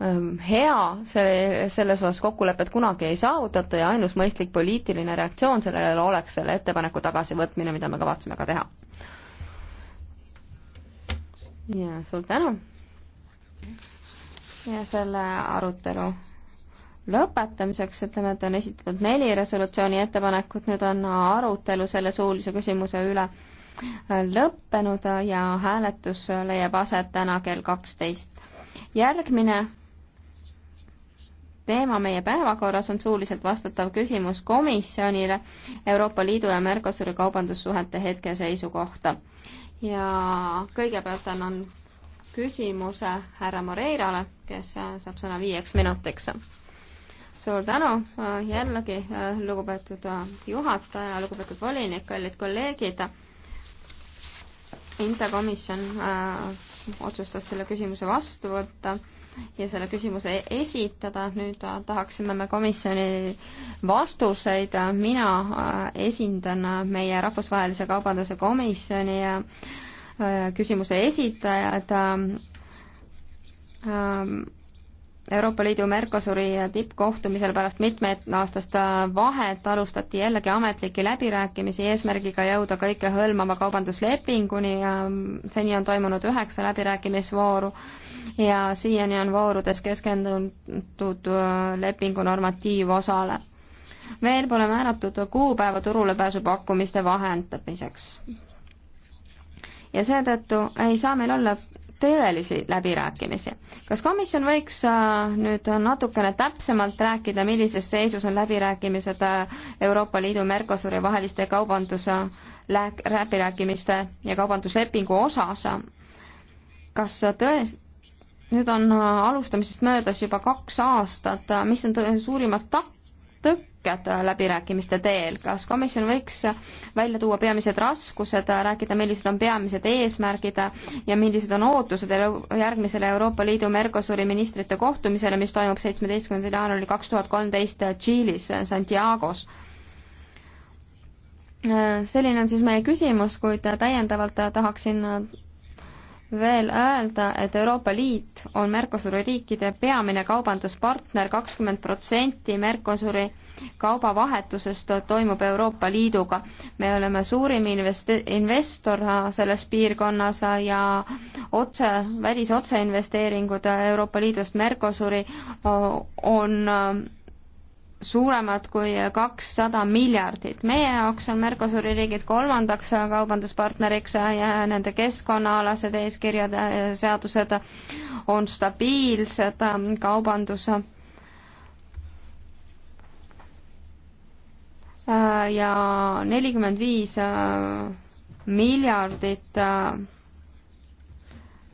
Ehm, hea, see, selles osas kokkulepet kunagi ei saavutata ja ainus mõistlik poliitiline reaktsioon sellele oleks selle ettepaneku tagasivõtmine, mida me kavatseme ka teha. ja suur tänu! ja selle arutelu lõpetamiseks ütleme, et on esitatud neli resolutsiooni ettepanekut, nüüd on arutelu selle suulise küsimuse üle lõppenud ja hääletus leiab aset täna kell kaksteist järgmine teema meie päevakorras on suuliselt vastatav küsimus komisjonile Euroopa Liidu ja Mercosuri kaubandussuhete hetkeseisu kohta. ja kõigepealt annan küsimuse härra Moreirale, kes saab sõna viieks minutiks. suur tänu äh, jällegi, äh, lugupeetud äh, juhataja, lugupeetud volinik, kallid kolleegid Inta komisjon äh, otsustas selle küsimuse vastu võtta ja selle küsimuse esitada. nüüd äh, tahaksime me komisjoni vastuseid. mina äh, esindan äh, meie Rahvusvahelise Kaubanduse Komisjoni küsimuse esitajad ähm, ähm, Euroopa Liidu Mercosuri tippkohtumisel pärast mitmeaastast vahet alustati jällegi ametlikke läbirääkimisi eesmärgiga jõuda kõikehõlmava kaubanduslepinguni ja seni on toimunud üheksa läbirääkimisvooru ja siiani on voorudes keskendutud lepingu normatiivosale. veel pole määratud kuupäeva turulepääsu pakkumiste vahendamiseks ja seetõttu ei saa meil olla tõelisi läbirääkimisi. kas komisjon võiks äh, nüüd natukene täpsemalt rääkida, millises seisus on läbirääkimised äh, Euroopa Liidu Mercosuri vaheliste kaubanduse äh, läbirääkimiste ja kaubanduslepingu osas? kas tões-, nüüd on alustamisest möödas juba kaks aastat, mis on suurimad takked? tõkked läbirääkimiste teel, kas komisjon võiks välja tuua peamised raskused, rääkida, millised on peamised eesmärgid ja millised on ootused järgmisele Euroopa Liidu Mercosuri ministrite kohtumisele, mis toimub seitsmeteistkümnendal jaanuaril kaks tuhat kolmteist Tšiilis, Santiagos selline on siis meie küsimus, kuid täiendavalt tahaksin veel öelda, et Euroopa Liit on Mercosuri riikide peamine kaubanduspartner, kakskümmend protsenti Mercosuri kaubavahetusest toimub Euroopa Liiduga. me oleme suurim invest-, investor selles piirkonnas ja otse, välisotseinvesteeringud Euroopa Liidust Mercosuri on suuremad kui kakssada miljardit. meie jaoks on Mercosuri riigid kolmandaks kaubanduspartneriks ja nende keskkonnaalased eeskirjad ja seadused on stabiilsed kaubandus ja nelikümmend viis miljardit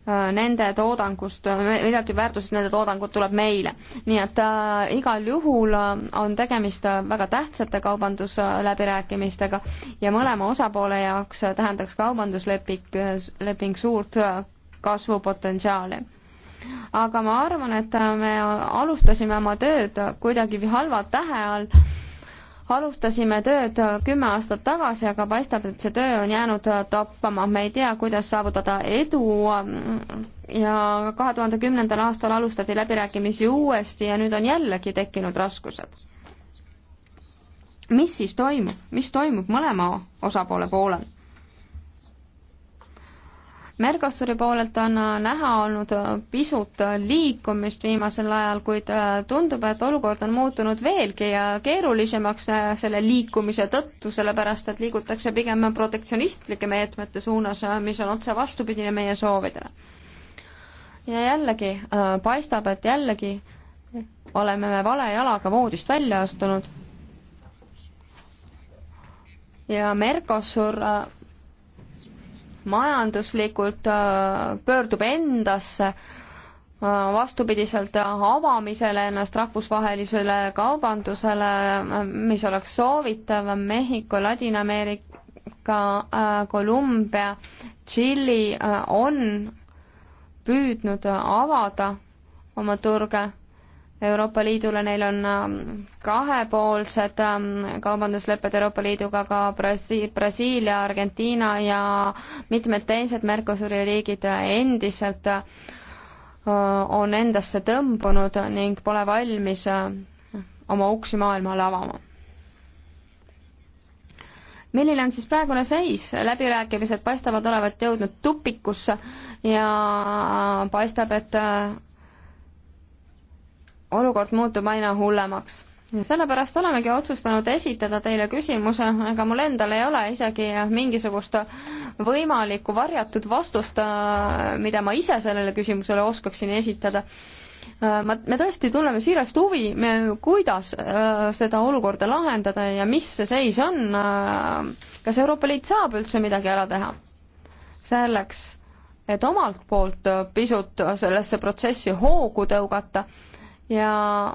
Äh, nende toodangust, miljardit väärtuses nende toodangut tuleb meile. nii et äh, igal juhul äh, on tegemist äh, väga tähtsate kaubandusläbirääkimistega ja mõlema osapoole jaoks tähendaks kaubandusleping, leping suurt kasvupotentsiaali. aga ma arvan, et me alustasime oma tööd kuidagi halva tähe all alustasime tööd äh, kümme aastat tagasi, aga paistab, et see töö on jäänud äh, toppama, me ei tea, kuidas saavutada edu ähm, ja kahe tuhande kümnendal aastal alustati läbirääkimisi uuesti ja nüüd on jällegi tekkinud raskused. mis siis toimub, mis toimub mõlema osapoole poolel? Mercosuri poolelt on äh, näha olnud äh, pisut äh, liikumist viimasel ajal, kuid tundub, et olukord on muutunud veelgi keerulisemaks selle liikumise tõttu, sellepärast et liigutakse pigem protektsionistlike meetmete suunas, mis on otse vastupidine meie soovidele. ja jällegi paistab, et jällegi oleme me vale jalaga voodist välja astunud ja Mercosur majanduslikult äh, pöördub endasse, äh, vastupidiselt avamisele ennast rahvusvahelisele kaubandusele, äh, mis oleks soovitav Mehhiko, Ladina-Ameerika, Kolumbia, Tšiili on püüdnud avada oma turge Euroopa Liidule, neil on ähm, kahepoolsed ähm, kaubanduslepped Euroopa Liiduga ka Brasi-, Brasiilia, Argentiina ja mitmed teised Mercosuri riigid äh, endiselt äh, on endasse tõmbunud ning pole valmis äh, oma uksi maailmale avama. milline on siis praegune seis, läbirääkimised paistavad olevat jõudnud tupikusse ja paistab, et olukord muutub aina hullemaks. ja sellepärast olemegi otsustanud esitada teile küsimuse, ega mul endal ei ole isegi mingisugust võimalikku varjatud vastust, äh, mida ma ise sellele küsimusele oskaksin esitada. Äh, ma, me tõesti tunneme siirast huvi, me, kuidas äh, seda olukorda lahendada ja mis see seis on äh,, kas Euroopa Liit saab üldse midagi ära teha selleks, et omalt poolt pisut sellesse protsessi hoogu tõugata ja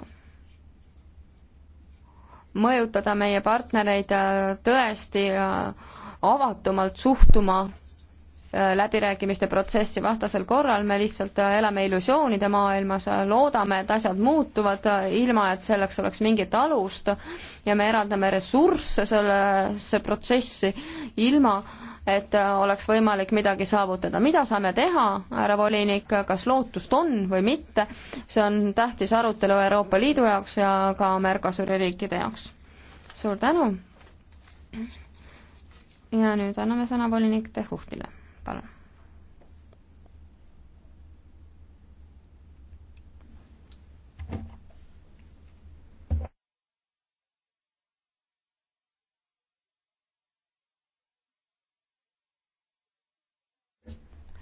mõjutada meie partnereid äh, tõesti äh, avatumalt suhtuma äh, läbirääkimiste protsessi vastasel korral me lihtsalt elame illusioonide maailmas, loodame, et asjad muutuvad, ilma et selleks oleks mingit alust ja me eraldame ressursse sellesse protsessi, ilma et äh, oleks võimalik midagi saavutada. mida saame teha, härra volinik, kas lootust on või mitte, see on tähtis arutelu Euroopa Liidu jaoks ja ka Mercosuri riikide jaoks. suur tänu! ja nüüd anname sõna volinik Tehuhtile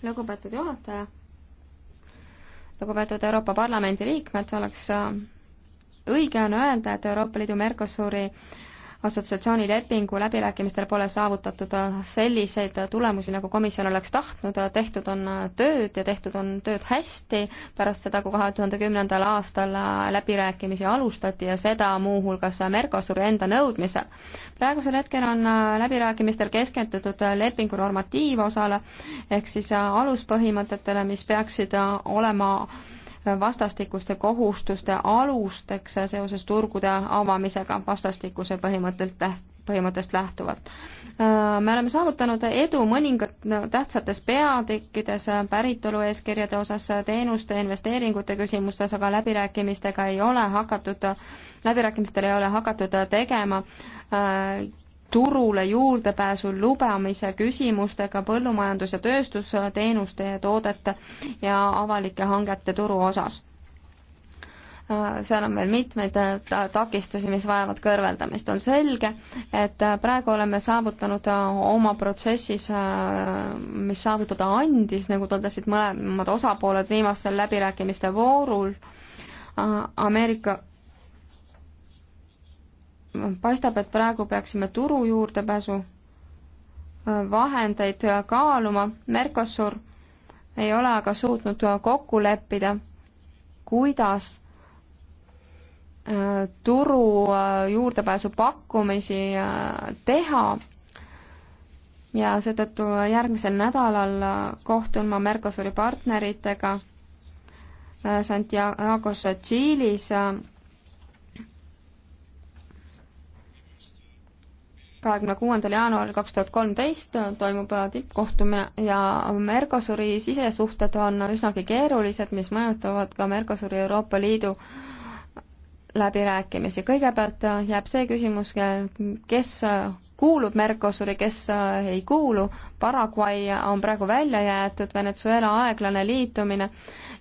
lugupeetud juhataja, lugupeetud Euroopa Parlamendi liikmed, oleks äh, õige on öelda, et Euroopa Liidu Mercosuri äh, assotsiatsioonilepingu läbirääkimistel pole saavutatud äh, selliseid tulemusi, nagu komisjon oleks tahtnud, tehtud on äh, tööd ja tehtud on tööd hästi, pärast seda, kui kahe tuhande kümnendal aastal äh, läbirääkimisi alustati ja seda muuhulgas Mercosuri enda nõudmisel. praegusel hetkel on läbirääkimistel keskendutud lepingu normatiivosale, ehk siis aluspõhimõtetele, mis peaksid olema vastastikuste kohustuste alusteks seoses turgude avamisega vastastikuse põhimõttelt täht-, põhimõttest lähtuvalt. me oleme saavutanud edu mõningat tähtsates peatükkides päritolueeskirjade osas, teenuste, investeeringute küsimustes, aga läbirääkimistega ei ole hakatud, läbirääkimistel ei ole hakatud tegema turule juurdepääsu lubamise küsimustega põllumajandus- ja tööstusteenuste ja toodete ja avalike hangete turu osas. seal on veel mitmeid äh, takistusi, mis vajavad kõrveldamist. on selge, et äh, praegu oleme saavutanud äh, oma protsessis, mis saavutada andis, nagu tõdesid mõlemad osapooled viimastel läbirääkimiste voorul, Ameerika paistab, et praegu peaksime turu juurdepääsu äh, vahendeid äh, kaaluma, Mercosur ei ole aga suutnud äh, kokku leppida, kuidas turu juurdepääsu pakkumisi teha ja seetõttu järgmisel nädalal kohtun ma Mercosuri partneritega Santiago's Tšiilis kahekümne kuuendal jaanuaril kaks tuhat kolmteist toimub tippkohtumine ja Mercosuri sisesuhted on üsnagi keerulised, mis mõjutavad ka Mercosuri Euroopa Liidu äh, läbirääkimisi. kõigepealt äh, jääb see küsimus, äh, kes äh, kuulub Mercosuri, kes ei kuulu. Paraguay on praegu välja jäetud, Venezuela aeglane liitumine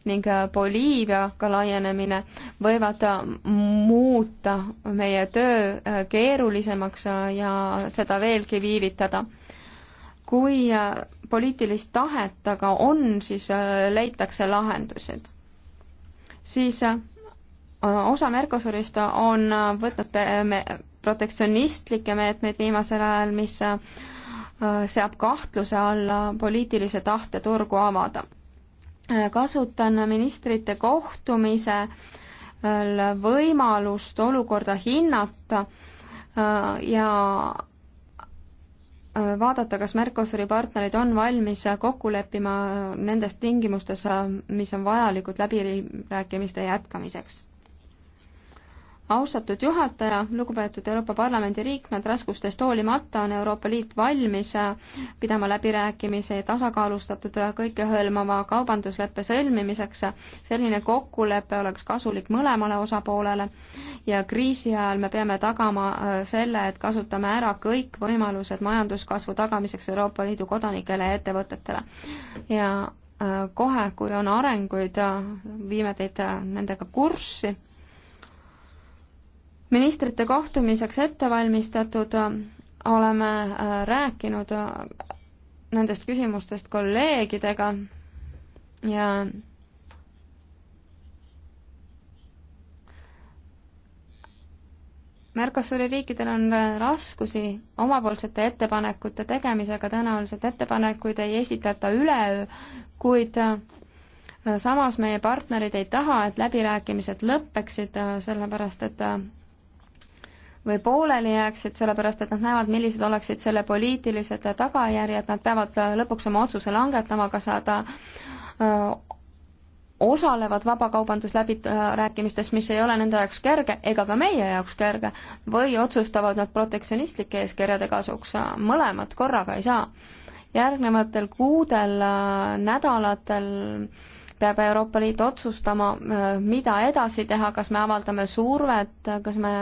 ning Boliiviaga laienemine võivad muuta meie töö keerulisemaks ja seda veelgi viivitada kui poliitilist tahet aga on, siis leitakse lahendused. siis osa Mercosurist on võtnud protektsionistlikke meetmeid viimasel ajal, mis äh, seab kahtluse alla poliitilise tahte turgu avada. kasutan ministrite kohtumisel võimalust olukorda hinnata äh, ja äh, vaadata, kas Mercosuri partnerid on valmis kokku leppima nendes tingimustes, mis on vajalikud läbirääkimiste jätkamiseks austatud juhataja, lugupeetud Euroopa Parlamendi liikmed, raskustest hoolimata on Euroopa Liit valmis pidama läbirääkimisi tasakaalustatud kõikehõlmava kaubandusleppe sõlmimiseks. selline kokkulepe oleks kasulik mõlemale osapoolele ja kriisi ajal me peame tagama selle, et kasutame ära kõik võimalused majanduskasvu tagamiseks Euroopa Liidu kodanikele ja ettevõtetele. ja äh, kohe, kui on arenguid, viime teid nendega kurssi ministrite kohtumiseks ettevalmistatud, oleme äh, rääkinud äh, nendest küsimustest kolleegidega ja Mercosuri riikidel on äh, raskusi omapoolsete ettepanekute tegemisega, tõenäoliselt ettepanekuid ei esitata üleöö, kuid samas meie partnerid ei taha, et läbirääkimised lõppeksid, sellepärast et või pooleli jääksid, sellepärast et nad näevad, millised oleksid selle poliitilised tagajärjed, nad peavad lõpuks oma otsuse langetama, kas nad osalevad vabakaubandusläbirääkimistes, mis ei ole nende jaoks kerge ega ka meie jaoks kerge, või otsustavad nad protektsionistlike eeskirjade kasuks, mõlemat korraga ei saa. järgnevatel kuudel, nädalatel peab Euroopa Liit otsustama, mida edasi teha, kas me avaldame survet, kas me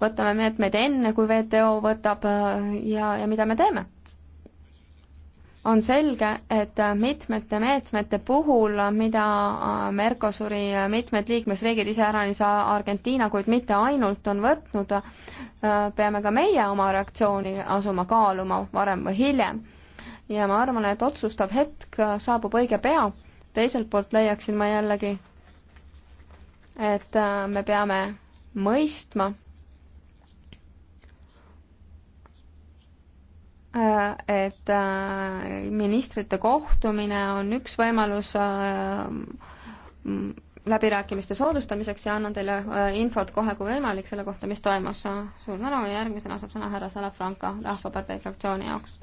võtame meetmeid enne, kui WTO võtab äh, ja, ja mida me teeme? on selge, et mitmete meetmete puhul, mida äh, Mercosuri mitmed liikmesriigid, iseäranis Argentiina, kuid mitte ainult, on võtnud, äh, peame ka meie oma reaktsiooni asuma kaaluma varem või hiljem. ja ma arvan, et otsustav hetk saabub õige pea, teiselt poolt leiaksin ma jällegi, et me peame mõistma, Äh, et äh, ministrite kohtumine on üks võimalus äh, läbirääkimiste soodustamiseks ja annan teile äh, infot kohe, kui võimalik, selle kohta, mis toimus. suur tänu ja järgmisena saab sõna härra Salafranca Rahvapartei fraktsiooni jaoks.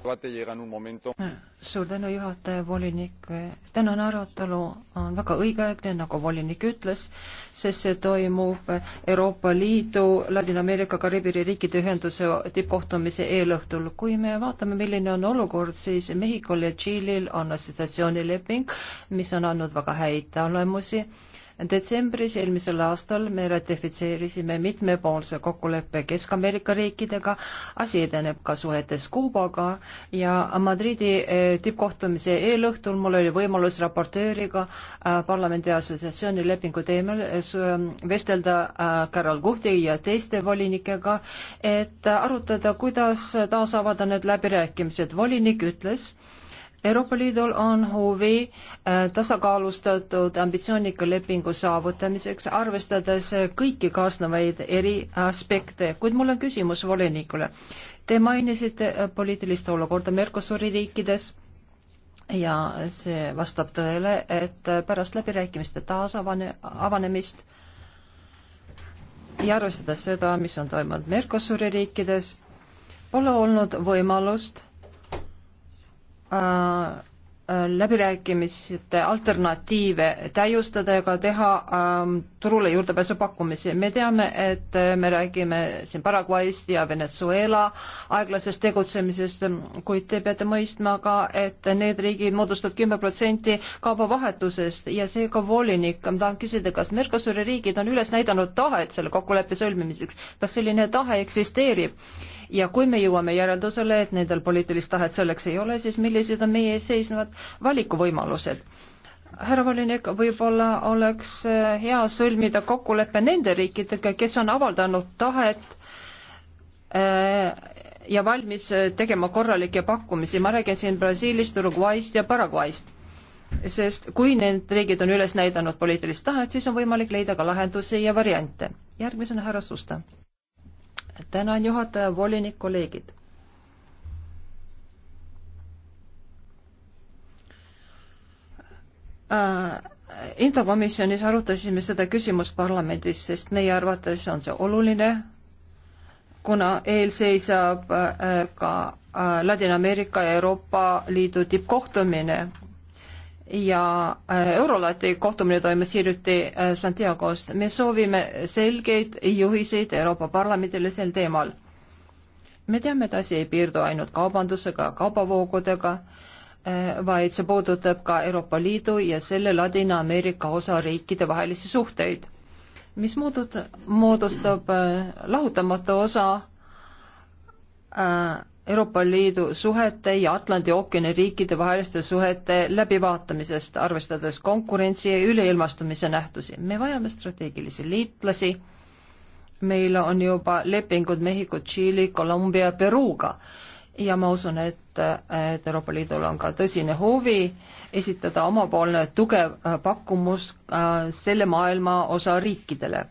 suur tänu, juhataja, volinik. tänane arutelu on väga õigeaegne, nagu volinik ütles, sest see toimub Euroopa Liidu, Ladina-Ameerika, Kariibi riikide ühenduse tippkohtumise eelõhtul. kui me vaatame, milline on olukord, siis Mehhikol ja Tšiilil on assotsiatsioonileping, mis on andnud väga häid tulemusi detsembris eelmisel aastal me ratifitseerisime mitmepoolse kokkuleppe Kesk-Ameerika riikidega, asi edeneb ka suhetes Kuubaga ja Madridi eh, tippkohtumise eelõhtul mul oli võimalus raportööriga eh, parlamendi assotsiatsiooni lepingu teemal eh, vestelda Carol Guhti ja teiste volinikega, et arutada, kuidas taas avada need läbirääkimised. volinik ütles, Euroopa Liidul on huvi äh, tasakaalustatud ambitsioonika lepingu saavutamiseks, arvestades kõiki kaasnevaid eri aspekte, kuid mul on küsimus volinikule. Te mainisite äh, poliitilist olukorda Mercosuri riikides ja see vastab tõele, et äh, pärast läbirääkimiste taasavane, avanemist ja arvestades seda, mis on toimunud Mercosuri riikides, pole olnud võimalust Äh, äh, läbirääkimiste alternatiive täiustada ja ka teha ähm, turule juurdepääsu pakkumisi. me teame, et äh, me räägime siin Paraguayst ja Venezuela aeglasest tegutsemisest, kuid te peate mõistma ka, et need riigid moodustavad kümme protsenti kaubavahetusest ja seega volinik, ma tahan küsida, kas Mercosuri riigid on üles näidanud tahet selle kokkuleppe sõlmimiseks, kas selline tahe eksisteerib? ja kui me jõuame järeldusele, et nendel poliitilist tahet selleks ei ole, siis millised on meie ees seisvad valikuvõimalused? härra volinik, võib-olla oleks eh, hea sõlmida kokkulepe nende riikidega, kes on avaldanud tahet eh, ja valmis eh, tegema korralikke pakkumisi, ma räägin siin Brasiilist, Uruguayst ja Paraguayst. sest kui need riigid on üles näidanud poliitilist tahet, siis on võimalik leida ka lahendusi ja variante. järgmisena härra Susta tänan, juhataja, volinik, kolleegid. Äh, Intokomisjonis arutasime seda küsimust parlamendis, sest meie arvates on see oluline, kuna eelseisab äh, ka äh, Ladina-Ameerika ja Euroopa Liidu tippkohtumine ja äh, Eurolati kohtumine toimus hiljuti äh, Santiagost. me soovime selgeid juhiseid Euroopa Parlamendile sel teemal. me teame, et asi ei piirdu ainult kaubandusega, kaubavoogudega, äh, vaid see puudutab ka Euroopa Liidu ja selle Ladina-Ameerika osariikide vahelisi suhteid, mis muudut-, moodustab lahutamatu osa äh, Euroopa Liidu suhete ja Atlandi ookeani riikide vaheliste suhete läbivaatamisest, arvestades konkurentsi ja üleilmastumise nähtusi. me vajame strateegilisi liitlasi, meil on juba lepingud Mehhiko, Tšiili, Kolumbia, Peruga ja ma usun, et, et Euroopa Liidul on ka tõsine huvi esitada omapoolne tugev pakkumus äh, selle maailma osa riikidele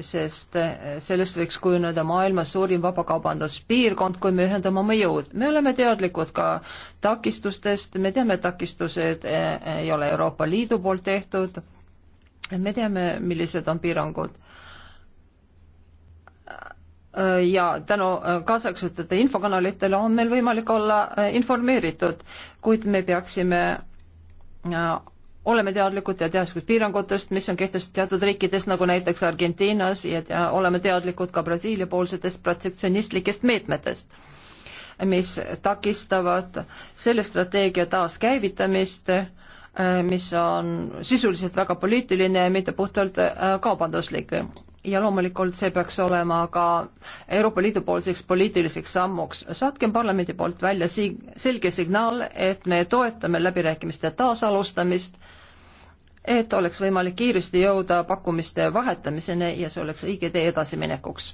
sest eh, sellest võiks kujuneda maailma suurim vabakaubanduspiirkond, kui me ühendame oma jõud. me oleme teadlikud ka takistustest, me teame, takistused eh, ei ole Euroopa Liidu poolt tehtud, me teame, millised on piirangud. Eh, ja tänu kaasaegsetele infokanalitele on meil võimalik olla informeeritud, kuid me peaksime oleme teadlikud ja teadlikud piirangutest, mis on kehtestatud teatud riikides, nagu näiteks Argentiinas ja te oleme teadlikud ka Brasiilia poolsetest protsessionistlikest meetmetest, mis takistavad selle strateegia taaskäivitamist, mis on sisuliselt väga poliitiline ja mitte puhtalt äh, kaubanduslik ja loomulikult see peaks olema ka Euroopa Liidu poolseks poliitiliseks sammuks. saatkem parlamendi poolt välja si-, selge signaal, et me toetame läbirääkimiste taasalustamist, et oleks võimalik kiiresti jõuda pakkumiste vahetamiseni ja see oleks õige tee edasiminekuks.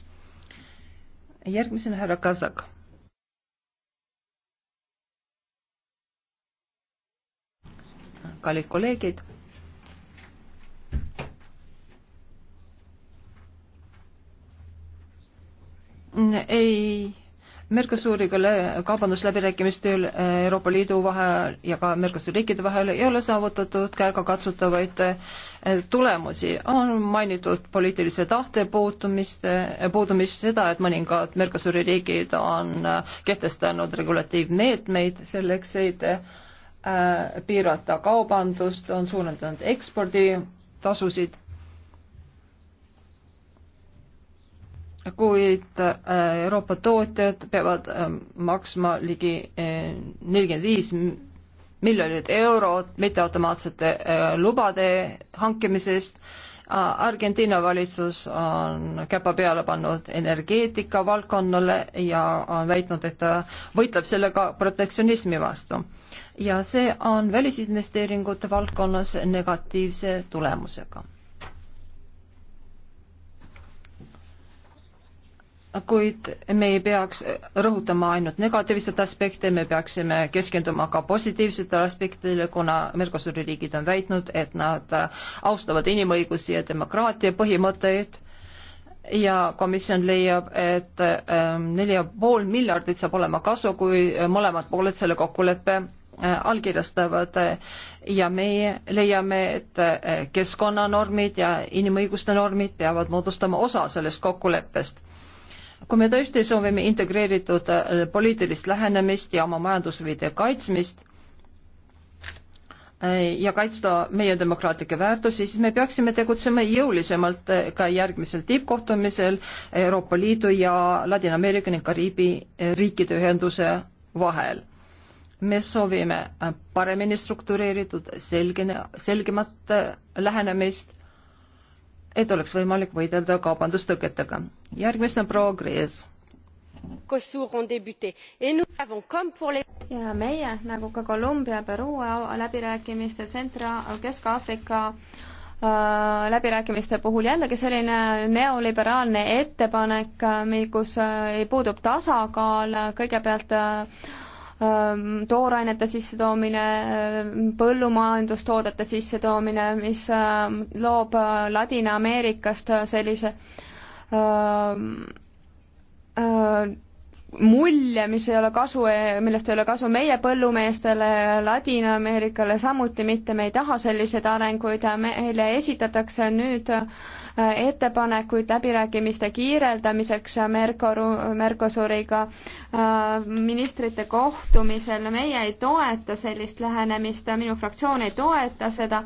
järgmisena härra Kasak kallid kolleegid ei Mercosuriga kaubandusläbirääkimistel eh, Euroopa Liidu vahel ja ka Mercosuri riikide vahel ei ole saavutatud käegakatsutavaid eh, tulemusi. on mainitud poliitilise tahte puutumist, eh, puudumist, seda, et mõningad Mercosuri riigid on kehtestanud regulatiivmeetmeid selleks, et piirata kaubandust, on suurendanud eksporditasusid kuid äh, Euroopa tootjad peavad ähm, maksma ligi äh, nelikümmend viis miljonit eurot mitteautomaatsete äh, lubade hankimisest. Argentiina valitsus on käpa peale pannud energeetika valdkonnale ja on väitnud, et ta võitleb sellega protektsionismi vastu. ja see on välisinvesteeringute valdkonnas negatiivse tulemusega kuid me ei peaks rõhutama ainult negatiivseid aspekte, me peaksime keskenduma ka positiivsetele aspektidele, kuna Mercosuri riigid on väitnud, et nad austavad inimõigusi ja demokraatia põhimõtteid ja komisjon leiab, et ähm, neli ja pool miljardit saab olema kasu, kui mõlemad pooled selle kokkuleppe äh, allkirjastavad ja meie leiame, et äh, keskkonnanormid ja inimõiguste normid peavad moodustama osa sellest kokkuleppest kui me tõesti soovime integreeritud äh, poliitilist lähenemist ja oma majandushuvide kaitsmist äh, ja kaitsta meie demokraatlikke väärtusi, siis me peaksime tegutsema jõulisemalt äh, ka järgmisel tippkohtumisel Euroopa Liidu ja Ladina-Ameerika ning Kariibi riikide ühenduse vahel. me soovime paremini struktureeritud, selgene, selgemat lähenemist et oleks võimalik võidelda kaubandustõketega. järgmisena proua Krees. ja meie, nagu ka Kolumbia, Peruu läbirääkimiste Centra, Kesk-Aafrika äh, läbirääkimiste puhul jällegi selline neoliberaalne ettepanek, kus äh, äh, puudub tasakaal, kõigepealt Ähm, toorainete sissetoomine, ähm, põllumajandustoodete sissetoomine, mis ähm, loob äh, Ladina-Ameerikast äh, sellise äh, mulje, mis ei ole kasu, millest ei ole kasu meie põllumeestele, Ladina-Ameerikale samuti mitte, me ei taha selliseid arenguid, meile esitatakse nüüd ettepanekuid läbirääkimiste kiireldamiseks Mercosur, Mercosuriga äh, ministrite kohtumisel. meie ei toeta sellist lähenemist, minu fraktsioon ei toeta seda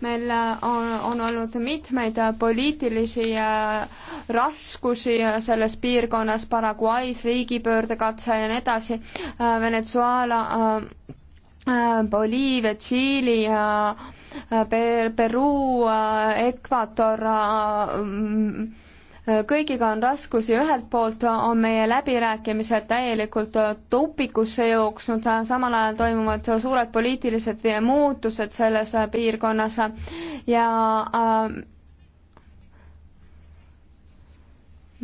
meil äh, on, on olnud mitmeid poliitilisi äh, raskusi selles piirkonnas, Paraguay's riigipöördekatse ja nii edasi, Venezuela, Boliivia, Tšiili ja Per-, Peruu, Ekvator, mm, kõigiga on raskusi, ühelt poolt on meie läbirääkimised täielikult tupikusse jooksnud, samal ajal toimuvad suured poliitilised muutused selles piirkonnas ja äh,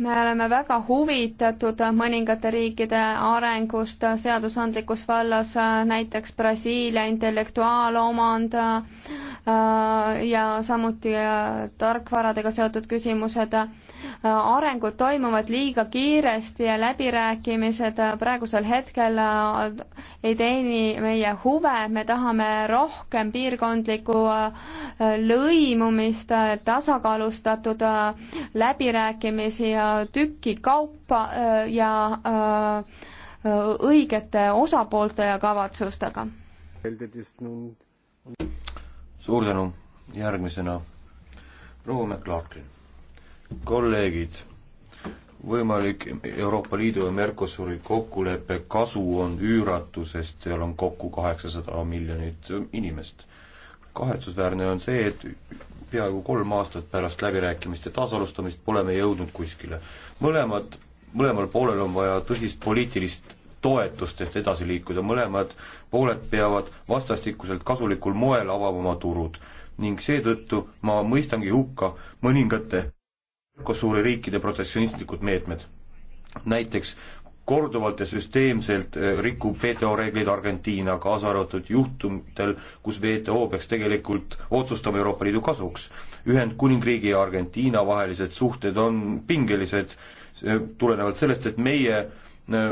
me oleme väga huvitatud mõningate riikide arengust seadusandlikus vallas, näiteks Brasiilia intellektuaalomand, Äh, ja samuti äh, tarkvaradega seotud küsimused. Äh, arengud toimuvad liiga kiiresti ja läbirääkimised praegusel hetkel ei teeni meie huve, me tahame rohkem piirkondlikku lõimumist, tasakaalustatud läbirääkimisi tüki kaupa ja õigete osapoolte ja kavatsustega suur tänu, järgmisena proua McLaughlin. kolleegid, võimalik Euroopa Liidu ja Mercosuri kokkuleppe kasu on üüratu, sest seal on kokku kaheksasada miljonit inimest. kahetsusväärne on see, et peaaegu kolm aastat pärast läbirääkimiste taasalustamist pole me jõudnud kuskile. mõlemad, mõlemal poolel on vaja tõsist poliitilist toetustest edasi liikuda, mõlemad pooled peavad vastastikuselt kasulikul moel avama oma turud ning seetõttu ma mõistangi hukka mõningate Mercosuri riikide protektsionistlikud meetmed. näiteks korduvalt ja süsteemselt eh, rikub WTO reegleid Argentiina, kaasa arvatud juhtumitel, kus WTO peaks tegelikult otsustama Euroopa Liidu kasuks. Ühendkuningriigi ja Argentiina vahelised suhted on pingelised eh, tulenevalt sellest, et meie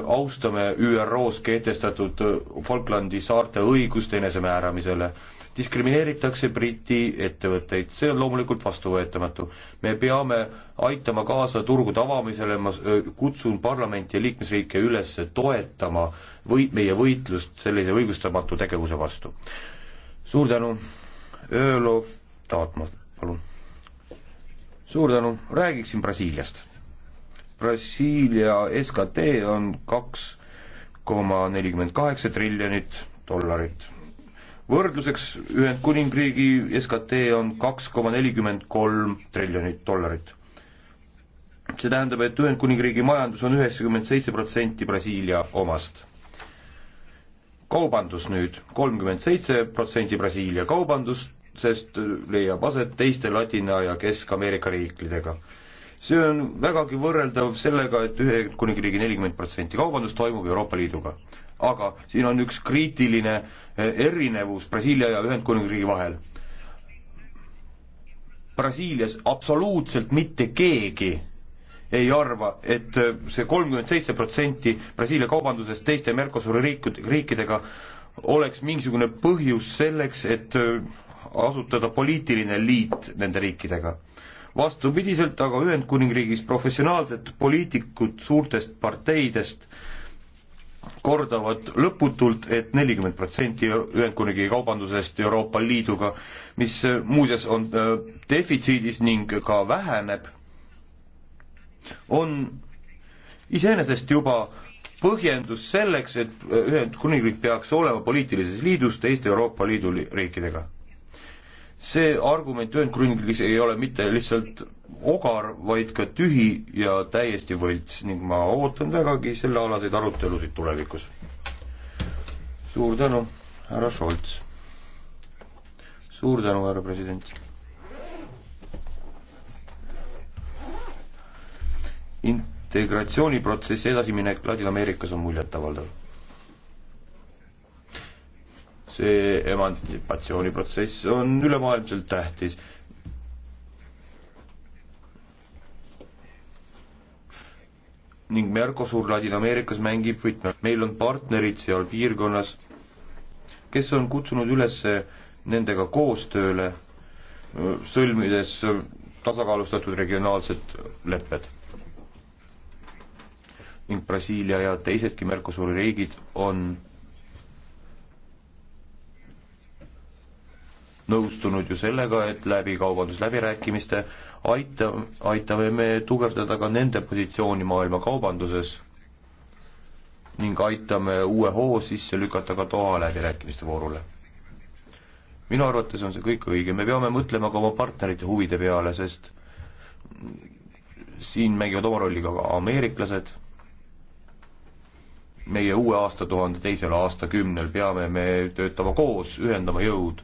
austame ÜRO-s kehtestatud Falklandi saarte õigust enesemääramisele. diskrimineeritakse Briti ettevõtteid, see on loomulikult vastuvõetamatu. me peame aitama kaasa turgude avamisele, ma äh, kutsun parlamenti ja liikmesriike üles toetama või meie võitlust sellise õigustamatu tegevuse vastu. suur tänu, Öölov Taatma, palun. suur tänu, räägiksin Brasiiliast Brasiilia SKT on kaks koma nelikümmend kaheksa triljonit dollarit. võrdluseks Ühendkuningriigi SKT on kaks koma nelikümmend kolm triljonit dollarit. see tähendab, et Ühendkuningriigi majandus on üheksakümmend seitse protsenti Brasiilia omast. kaubandus nüüd, kolmkümmend seitse protsenti Brasiilia kaubandust, sest leiab aset teiste Ladina- ja Kesk-Ameerika riikidega see on vägagi võrreldav sellega et, et Ühendkuningriigi nelikümmend protsenti kaubandust toimub Euroopa Liiduga. aga siin on üks kriitiline eh, erinevus Brasiilia ja Ühendkuningriigi vahel. Brasiilias absoluutselt mitte keegi ei arva, et eh, see kolmkümmend seitse protsenti Brasiilia kaubandusest teiste Mercosuri riik-, riikidega oleks mingisugune põhjus selleks, et eh, asutada poliitiline liit nende riikidega vastupidiselt aga Ühendkuningriigis professionaalsed poliitikud suurtest parteidest kordavad lõputult et, et nelikümmend protsenti Ühendkuningriigi kaubandusest Euroopa Liiduga, mis äh, muuseas on äh, defitsiidis ning ka väheneb, on iseenesest juba põhjendus selleks, et äh, Ühendkuningriik peaks olema poliitilises liidus teiste Euroopa Liidu riikidega see argument Ühendkuningriigis ei ole mitte lihtsalt ogar, vaid ka tühi ja täiesti võlts ning ma ootan vägagi sellealaseid arutelusid tulevikus. suur tänu, härra Scholz. suur tänu, härra president. integratsiooniprotsessi edasiminek Ladina-Ameerikas on muljetavaldav see emantsipatsiooniprotsess on ülemaailmselt tähtis. ning Mercosur Ladina-Ameerikas mängib võtme, meil on partnerid seal piirkonnas, kes on kutsunud üles nendega koostööle, sõlmides tasakaalustatud regionaalsed lepped. ning Brasiilia ja teisedki Mercosuri riigid on nõustunud ju sellega, et läbi kaubandusläbirääkimiste aita, aitame me tugevdada ka nende positsiooni maailma kaubanduses ning aitame uue hoo sisse lükata ka Doha läbirääkimiste voorule. minu arvates on see kõik õige, me peame mõtlema ka oma partnerite huvide peale, sest siin mängivad oma rolli ka ameeriklased, meie uue aastatuhande teisel aastakümnel peame me töötama koos, ühendama jõud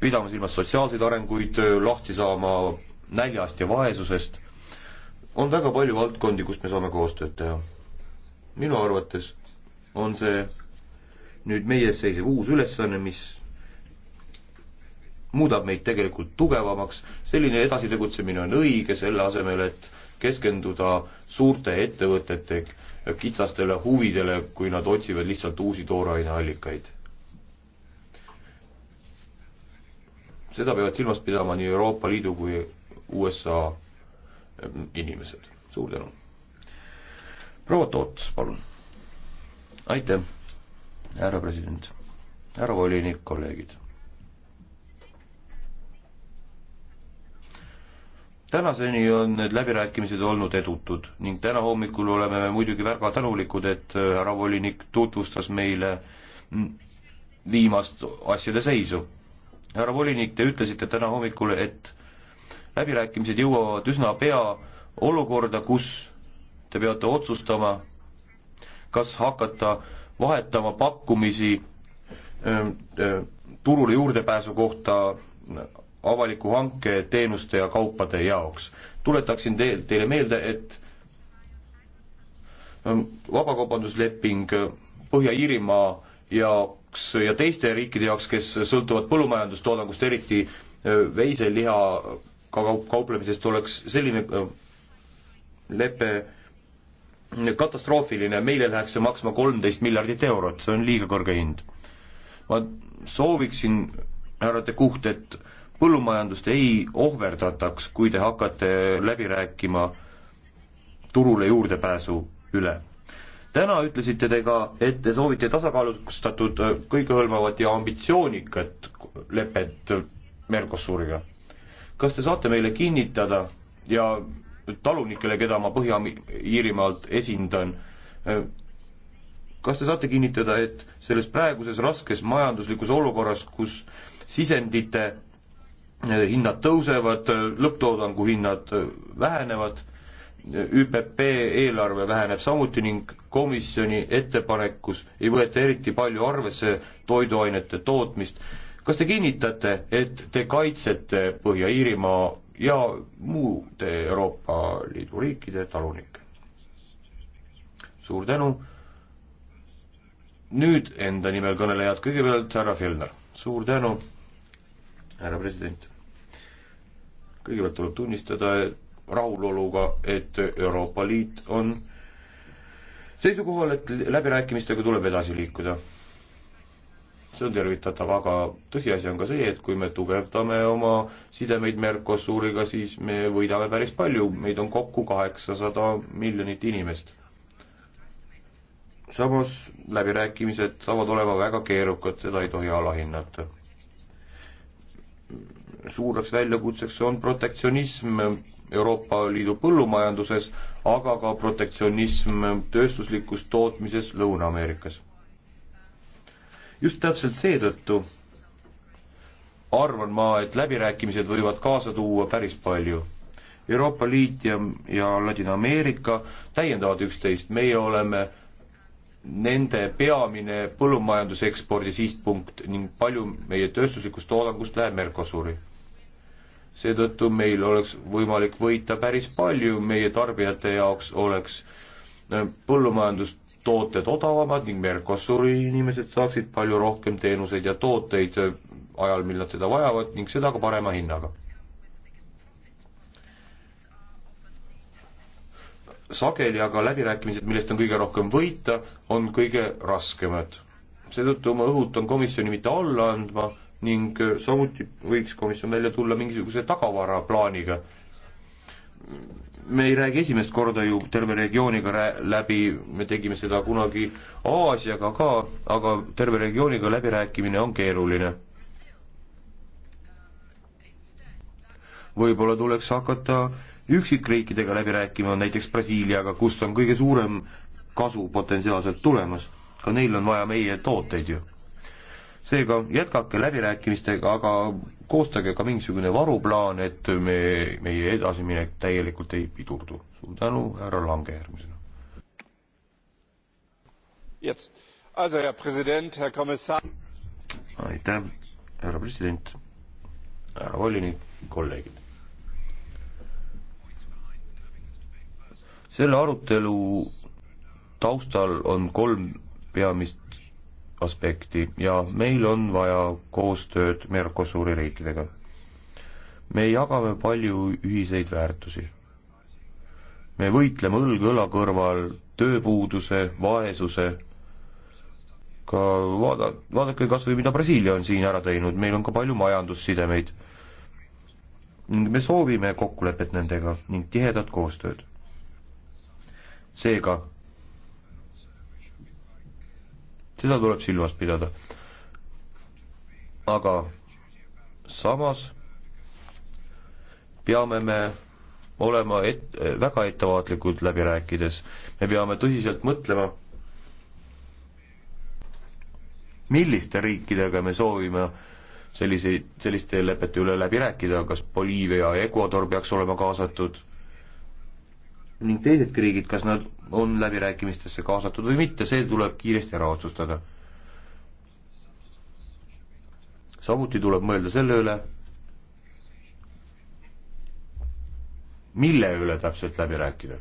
pidama silmas sotsiaalseid arenguid, lahti saama näljast ja vaesusest, on väga palju valdkondi, kus me saame koostööd teha. minu arvates on see nüüd meie ees seisev uus ülesanne, mis muudab meid tegelikult tugevamaks, selline edasitegutsemine on õige, selle asemel, et keskenduda suurte ettevõtete kitsastele huvidele, kui nad otsivad lihtsalt uusi tooraine allikaid seda peavad silmas pidama nii Euroopa Liidu kui USA ähm, inimesed. suur tänu. proua Toots, palun. aitäh, härra president, härra volinik, kolleegid. tänaseni on need läbirääkimised olnud edutud ning täna hommikul oleme me muidugi väga tänulikud, et äh, härra volinik tutvustas meile mm, viimast asjade seisu härra volinik, te ütlesite täna hommikul, et läbirääkimised jõuavad üsna pea olukorda, kus te peate otsustama, kas hakata vahetama pakkumisi öö, ähm, öö, äh, turule juurdepääsu kohta avaliku hanke teenuste ja kaupade jaoks. tuletaksin teel, teile meelde, et ähm, vabakaubandusleping äh, Põhja-Iirimaa ja jaoks ja teiste riikide jaoks, kes sõltuvad põllumajandustoodangust, eriti äh, veiseliha kaup-, kauplemisest, oleks selline äh, lepe katastroofiline, meile läheks see maksma kolmteist miljardit eurot, see on liiga kõrge hind. ma sooviksin, härra De Kuht, et põllumajandust ei ohverdataks, kui te hakkate läbi rääkima turule juurdepääsu üle täna ütlesite te ka, et te soovite tasakaalustatud, äh, kõikehõlmavat ja ambitsioonikat lepet Mercosuriga. kas te saate meile kinnitada ja talunikele, keda ma Põhja-Iirimaalt esindan, äh, kas te saate kinnitada, et selles praeguses raskes majanduslikus olukorras, kus sisendite äh, hinnad tõusevad, lõpptoodangu hinnad vähenevad, ÜPP eelarve väheneb samuti ning komisjoni ettepanekus ei võeta eriti palju arvesse toiduainete tootmist. kas te kinnitate, et te kaitsete Põhja-Iirimaa ja muude Euroopa Liidu riikide talunikke? suur tänu, nüüd enda nimel kõnelejad, kõigepealt härra Fjellner, suur tänu, härra president. kõigepealt tuleb tunnistada, et rahuloluga, et Euroopa Liit on seisukohal, et läbirääkimistega tuleb edasi liikuda. see on tervitatav, aga tõsiasi on ka see, et kui me tugevdame oma sidemeid Mercosuriga, siis me võidame päris palju, meid on kokku kaheksasada miljonit inimest. samas läbirääkimised saavad olema väga keerukad, seda ei tohi alahinnata suureks väljakutseks on protektsionism Euroopa Liidu põllumajanduses, aga ka protektsionism tööstuslikus tootmises Lõuna-Ameerikas. just täpselt seetõttu arvan ma, et läbirääkimised võivad kaasa tuua päris palju. Euroopa Liit ja, ja Ladina-Ameerika täiendavad üksteist, meie oleme nende peamine põllumajandusekspordi sihtpunkt ning palju meie tööstuslikust toodangust läheb Mercosuri seetõttu meil oleks võimalik võita päris palju, meie tarbijate jaoks oleks äh, põllumajandustooted odavamad ning Mercosuri inimesed saaksid palju rohkem teenuseid ja tooteid äh, ajal, mil nad seda vajavad ning seda ka parema hinnaga. sageli aga läbirääkimised, millest on kõige rohkem võita, on kõige raskemad. seetõttu ma õhutan komisjoni mitte alla andma ning äh, samuti võiks komisjon välja tulla mingisuguse tagavaraplaaniga. me ei räägi esimest korda ju terve regiooniga rää-, läbi, me tegime seda kunagi Aasiaga ka, aga terve regiooniga läbirääkimine on keeruline. võib-olla tuleks hakata üksikriikidega läbi rääkima, näiteks Brasiiliaga, kust on kõige suurem kasu potentsiaalselt tulemas, ka neil on vaja meie tooteid ju seega jätkake läbirääkimistega, aga koostage ka mingisugune varuplaan, et me, meie edasiminek täielikult ei pidurdu. suur tänu, härra Lange järgmisena. aitäh, härra president, härra volinik, kolleegid. selle arutelu taustal on kolm peamist aspekti ja meil on vaja koostööd Mercosuri riikidega. me jagame palju ühiseid väärtusi. me võitleme õlg õla kõrval tööpuuduse, vaesuse, ka vaada, vaadake kas või mida Brasiilia on siin ära teinud, meil on ka palju majandussidemeid. ning me soovime kokkulepet nendega ning tihedat koostööd. seega seda tuleb silmas pidada. aga samas peame me olema et-, väga ettevaatlikud läbi rääkides, me peame tõsiselt mõtlema, milliste riikidega me soovime selliseid, selliste lepete üle läbi rääkida, kas Boliivia ja Ecuador peaks olema kaasatud, ning teisedki riigid, kas nad on läbirääkimistesse kaasatud või mitte, see tuleb kiiresti ära otsustada. samuti tuleb mõelda selle üle, mille üle täpselt läbi rääkida.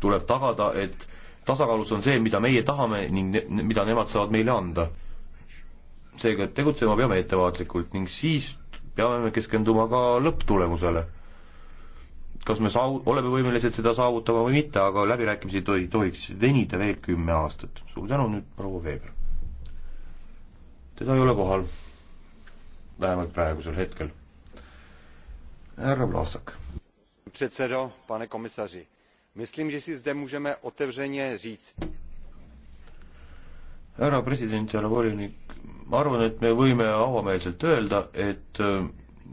tuleb tagada, et tasakaalus on see, mida meie tahame ning ne mida nemad saavad meile anda. seega tegutsema peame ettevaatlikult ning siis peame keskenduma ka lõpptulemusele. kas me saav-, oleme võimelised seda saavutama või mitte, aga läbirääkimisi ei tohiks venida veel kümme aastat. suur tänu nüüd, proua Veber. teda ei ole kohal, vähemalt praegusel hetkel. härra Vlasak. Předsedo, pane komisaři, myslím, že si zde můžeme otevřeně říct. härra president, härra volinik, ma arvan, et me võime avameelselt öelda, et äh,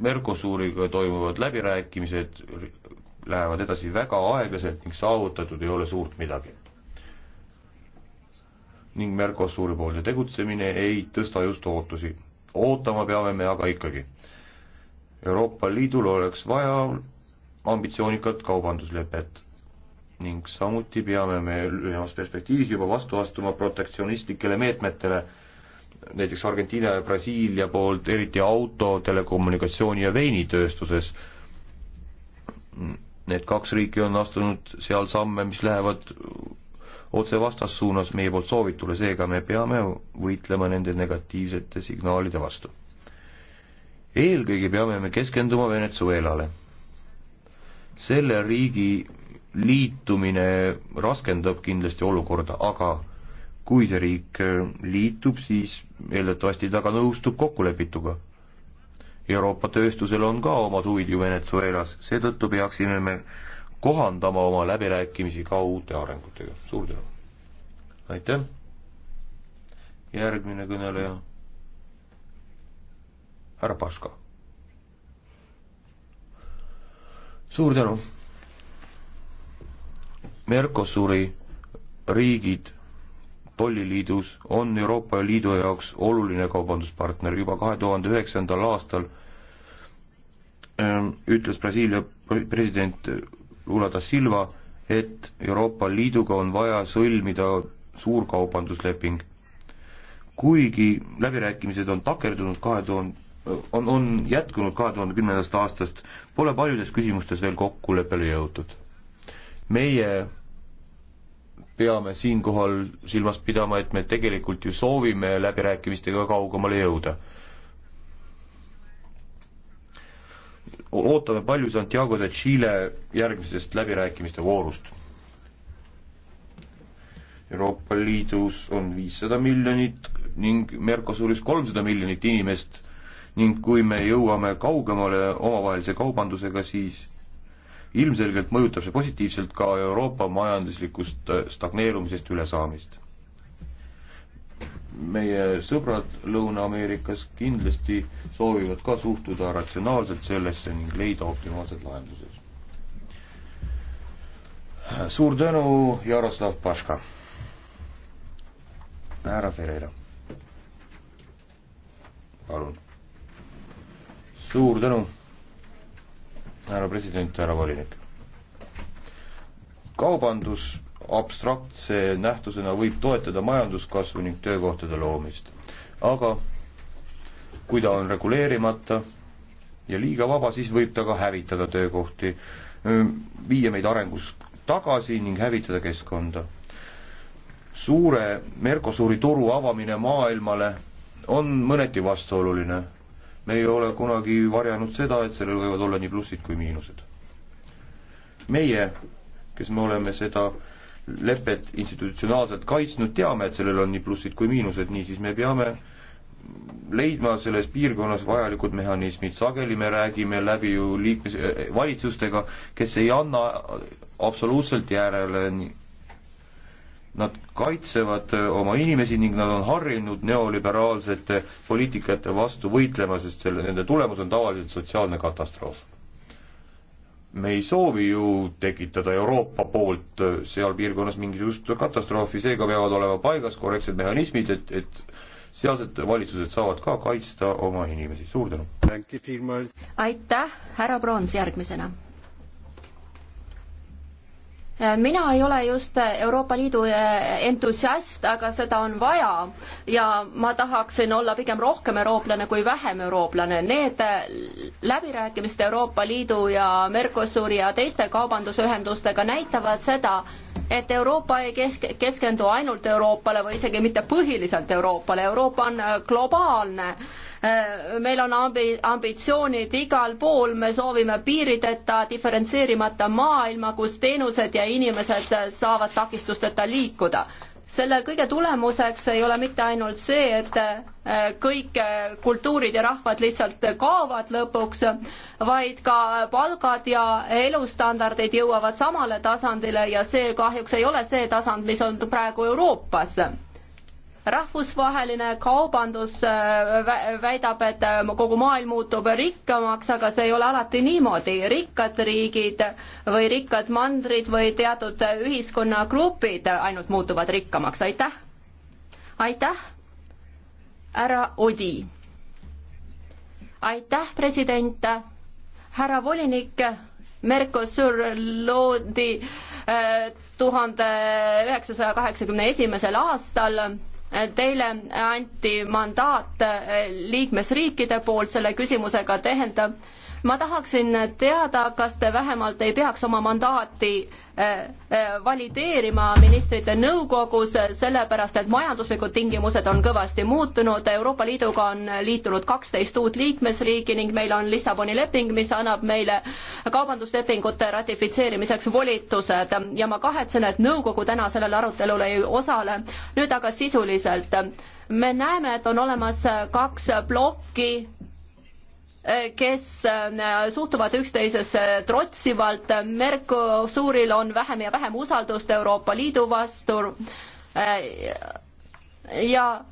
Mercosuriga toimuvad läbirääkimised lähevad edasi väga aeglaselt ning saavutatud ei ole suurt midagi. ning Mercosuri poolne tegutsemine ei tõsta just ootusi. ootama peame me aga ikkagi. Euroopa Liidul oleks vaja ambitsioonikat kaubanduslepet ning samuti peame me lühemas perspektiivis juba vastu astuma protektsionistlikele meetmetele näiteks Argentiina ja Brasiilia poolt, eriti auto, telekommunikatsiooni ja veinitööstuses. Need kaks riiki on astunud seal samme, mis lähevad otse vastassuunas meie poolt soovitule, seega me peame võitlema nende negatiivsete signaalide vastu. eelkõige peame me keskenduma Venezuelale. selle riigi liitumine raskendab kindlasti olukorda, aga kui see riik äh, liitub, siis eeldatavasti ta ka nõustub kokkulepituga. Euroopa tööstusel on ka omad huvid ju Venezuelas, seetõttu peaksime me kohandama oma läbirääkimisi ka uute arengutega, suur tänu! aitäh, järgmine kõneleja, härra Paška. suur tänu! Mercosuri riigid tolliliidus on Euroopa Liidu jaoks oluline kaubanduspartner. juba kahe tuhande üheksandal aastal ähm, ütles Brasiilia president Lula da Silva, et Euroopa Liiduga on vaja sõlmida suurkaubandusleping. kuigi läbirääkimised on takerdunud kahe tuhande, on, on jätkunud kahe tuhande kümnendast aastast, pole paljudes küsimustes veel kokkuleppele jõutud. meie peame siinkohal silmas pidama, et me tegelikult ju soovime läbirääkimistega kaugemale jõuda. ootame palju Santiago de Chile järgmisest läbirääkimiste voorust. Euroopa Liidus on viissada miljonit ning Mercosuris kolmsada miljonit inimest ning kui me jõuame kaugemale omavahelise kaubandusega, siis ilmselgelt mõjutab see positiivselt ka Euroopa majanduslikust äh, stagneerumisest ülesaamist. meie sõbrad Lõuna-Ameerikas kindlasti soovivad ka suhtuda ratsionaalselt sellesse ning leida optimaalsed lahendused. suur tänu, Jaroslav Paška. härra Ferreira. palun. suur tänu härra president, härra volinik. kaubandus abstraktse nähtusena võib toetada majanduskasvu ning töökohtade loomist, aga kui ta on reguleerimata ja liiga vaba, siis võib ta ka hävitada töökohti, viia meid arengus tagasi ning hävitada keskkonda. suure Mercosuri turu avamine maailmale on mõneti vastuoluline me ei ole kunagi varjanud seda, et sellel võivad olla nii plussid kui miinused. meie, kes me oleme seda lepet institutsionaalselt kaitsnud, teame, et sellel on nii plussid kui miinused, niisiis me peame leidma selles piirkonnas vajalikud mehhanismid, sageli me räägime läbi ju liikmes-, äh, valitsustega, kes ei anna absoluutselt järele nii Nad kaitsevad äh, oma inimesi ning nad on harjunud neoliberaalsete poliitikate vastu võitlema, sest selle, nende tulemus on tavaliselt sotsiaalne katastroof. me ei soovi ju tekitada Euroopa poolt äh, seal piirkonnas mingisugust katastroofi, seega peavad olema paigas korrektsed mehhanismid, et, et sealsed valitsused saavad ka kaitsta oma inimesi, suur tänu! aitäh, härra Proons järgmisena! mina ei ole just Euroopa Liidu eh, entusiast, aga seda on vaja ja ma tahaksin olla pigem rohkem eurooplane kui vähem eurooplane. Need eh, läbirääkimised Euroopa Liidu ja Mercosuri ja teiste kaubandusühendustega näitavad seda, et Euroopa ei keskendu ainult Euroopale või isegi mitte põhiliselt Euroopale, Euroopa on eh, globaalne Äh, meil on ambi-, ambitsioonid igal pool, me soovime piirideta diferentseerimata maailma, kus teenused ja inimesed saavad takistusteta liikuda selle kõige tulemuseks ei ole mitte ainult see, et äh, kõik äh, kultuurid ja rahvad lihtsalt kaovad lõpuks, vaid ka palgad ja elustandardid jõuavad samale tasandile ja see kahjuks ei ole see tasand, mis on praegu Euroopas rahvusvaheline kaubandus äh, väidab, et äh, kogu maailm muutub rikkamaks, aga see ei ole alati niimoodi. rikkad riigid või rikkad mandrid või teatud ühiskonnagrupid ainult muutuvad rikkamaks, aitäh. aitäh, härra Odi. aitäh, president, härra volinik Mercosur loodi äh, tuhande üheksasaja kaheksakümne esimesel aastal Teile anti mandaat eh, liikmesriikide poolt selle küsimusega tegeleda ma tahaksin teada, kas te vähemalt ei peaks oma mandaati äh, äh, valideerima ministrite nõukogus, sellepärast et majanduslikud tingimused on kõvasti muutunud, Euroopa Liiduga on liitunud kaksteist uut liikmesriiki ning meil on Lissaboni leping, mis annab meile kaubanduslepingute ratifitseerimiseks volitused ja ma kahetsen, et nõukogu täna sellel arutelul ei osale. nüüd aga sisuliselt. me näeme, et on olemas kaks plokki kes äh, suhtuvad üksteisesse trotsivalt. Mercosuril on vähem ja vähem usaldust Euroopa Liidu vastu. Äh, ja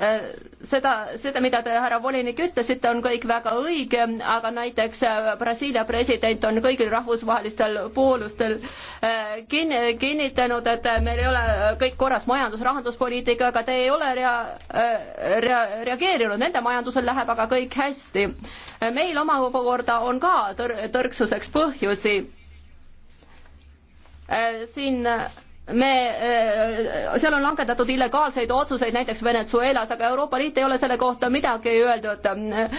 Äh, seda, seda, mida te, härra volinik, ütlesite, on kõik väga õige, aga näiteks äh, Brasiilia president on kõigil rahvusvahelistel poolustel äh, kin-, kinnitanud, et meil ei ole kõik korras majandus, rahanduspoliitika, aga te ei ole rea-, rea-, reageerinud, nende majandusel läheb aga kõik hästi. meil omakorda on ka tõr-, tõrksuseks põhjusi. siin me, äh, seal on langetatud illegaalseid otsuseid näiteks Venezuelas, aga Euroopa Liit ei ole selle kohta midagi öeldud. Äh,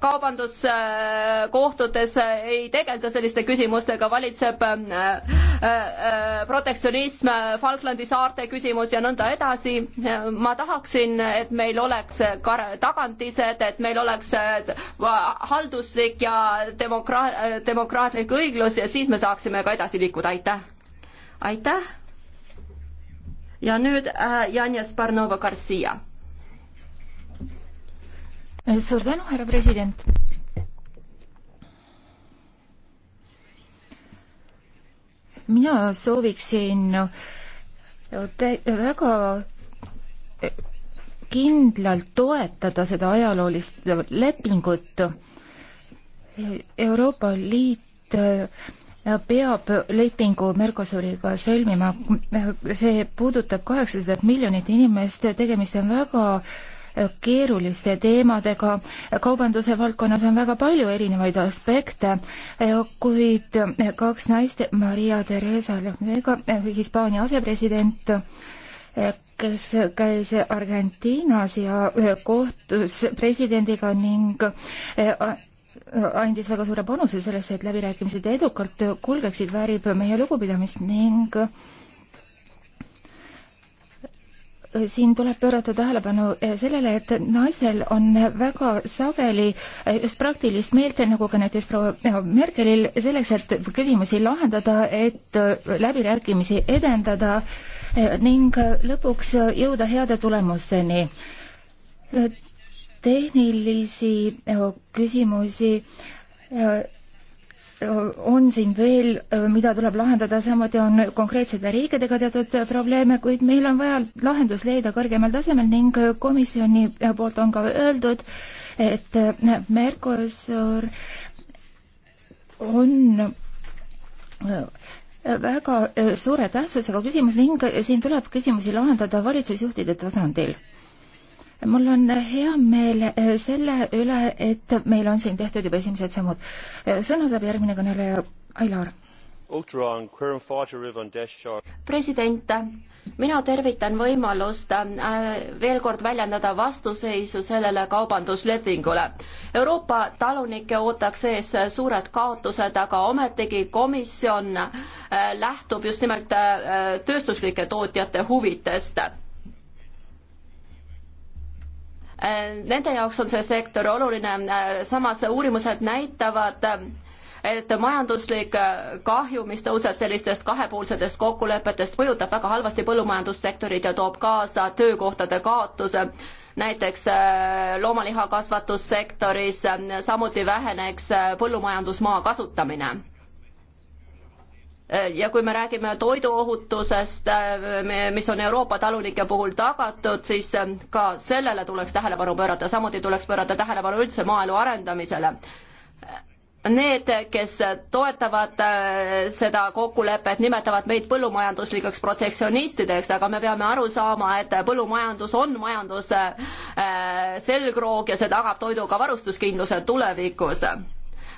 kaubanduskohtutes ei tegeleta selliste küsimustega, valitseb äh, protektsionism, Falklandi saarte küsimus ja nõnda edasi. ma tahaksin, et meil oleks tagatised, et meil oleks halduslik ja demokraat, demokraatlik õiglus ja siis me saaksime ka edasi liikuda, aitäh! aitäh! ja nüüd äh, Janjas Barnova Garcia. suur tänu, härra president. mina sooviksin väga kindlalt toetada seda ajaloolist lepingut. Euroopa Liit peab lepingu Mercosuriga sõlmima. see puudutab kaheksasadat miljonit inimest, tegemist on väga keeruliste teemadega. kaubanduse valdkonnas on väga palju erinevaid aspekte, kuid kaks naist, Maria Theresa Lomega, Hispaania asepresident, kes käis Argentiinas ja kohtus presidendiga ning andis väga suure panuse sellesse, et läbirääkimised edukalt kulgeksid, väärib meie lugupidamist ning siin tuleb pöörata tähelepanu sellele, et naisel on väga sageli just praktilist meelt, nagu ka näiteks proua Merkelil, selleks, et küsimusi lahendada, et läbirääkimisi edendada ning lõpuks jõuda heade tulemusteni tehnilisi eh, küsimusi eh, on siin veel, eh, mida tuleb lahendada, samuti on konkreetsete riikidega teatud probleeme, kuid meil on vaja lahendus leida kõrgemal tasemel ning komisjoni poolt on ka öeldud, et Mercosur on väga suure tähtsusega küsimus ning siin tuleb küsimusi lahendada valitsusjuhtide tasandil mul on hea meel eh, selle üle, et meil on siin tehtud juba esimesed sammud. Eh, sõna saab järgmine kõneleja, Ailar. president, mina tervitan võimalust eh, veel kord väljendada vastuseisu sellele kaubanduslepingule. Euroopa talunikke ootaks ees suured kaotused, aga ometigi komisjon lähtub just nimelt tööstuslike tootjate huvidest Äh, nende jaoks on see sektor oluline, äh, samas uurimused näitavad, et majanduslik äh, kahju, mis tõuseb sellistest kahepoolsetest kokkulepetest, mõjutab väga halvasti põllumajandussektorit ja toob kaasa töökohtade kaotuse. näiteks loomalihakasvatussektoris samuti väheneks põllumajandusmaa kasutamine Äh, ja kui me räägime toiduohutusest, äh, mis on Euroopa talunike puhul tagatud, siis äh, ka sellele tuleks tähelepanu pöörata, samuti tuleks pöörata tähelepanu üldse maaelu arendamisele. Need, kes toetavad seda kokkulepet, nimetavad meid põllumajanduslikuks protektsionistideks, aga me peame aru saama, et põllumajandus on majanduse selgroog ja see tagab toiduga varustuskindluse tulevikus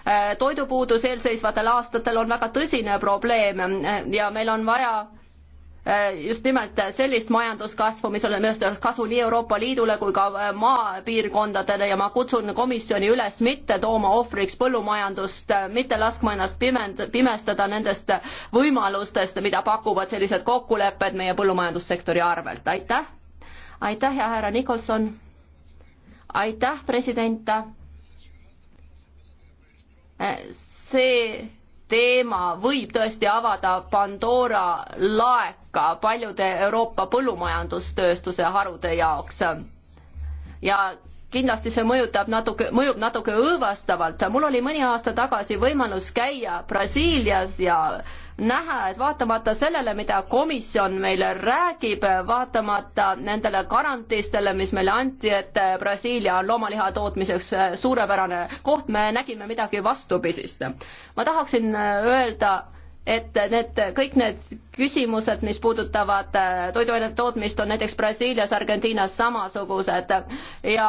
Äh, toidupuudus eelseisvatel aastatel on väga tõsine probleem äh, ja meil on vaja äh, just nimelt sellist majanduskasvu, mis on minu arust kasu nii Euroopa Liidule kui ka maapiirkondadele ja ma kutsun komisjoni üles mitte tooma ohvriks põllumajandust, mitte laskma ennast pimend-, pimestada nendest võimalustest, mida pakuvad sellised kokkulepped meie põllumajandussektori arvelt, aitäh! aitäh ja härra Nikolson! aitäh, president! see teema võib tõesti avada Pandora laeka paljude Euroopa põllumajandustööstuse harude jaoks. ja kindlasti see mõjutab natuke, mõjub natuke õõvastavalt. mul oli mõni aasta tagasi võimalus käia Brasiilias ja näha, et vaatamata sellele, mida komisjon meile räägib, vaatamata nendele garantiistele, mis meile anti, et äh, Brasiilia on loomaliha tootmiseks äh, suurepärane koht, me nägime midagi vastupidist. ma tahaksin äh, öelda, et need, kõik need küsimused, mis puudutavad toiduainete tootmist, on näiteks Brasiilias, Argentiinas samasugused ja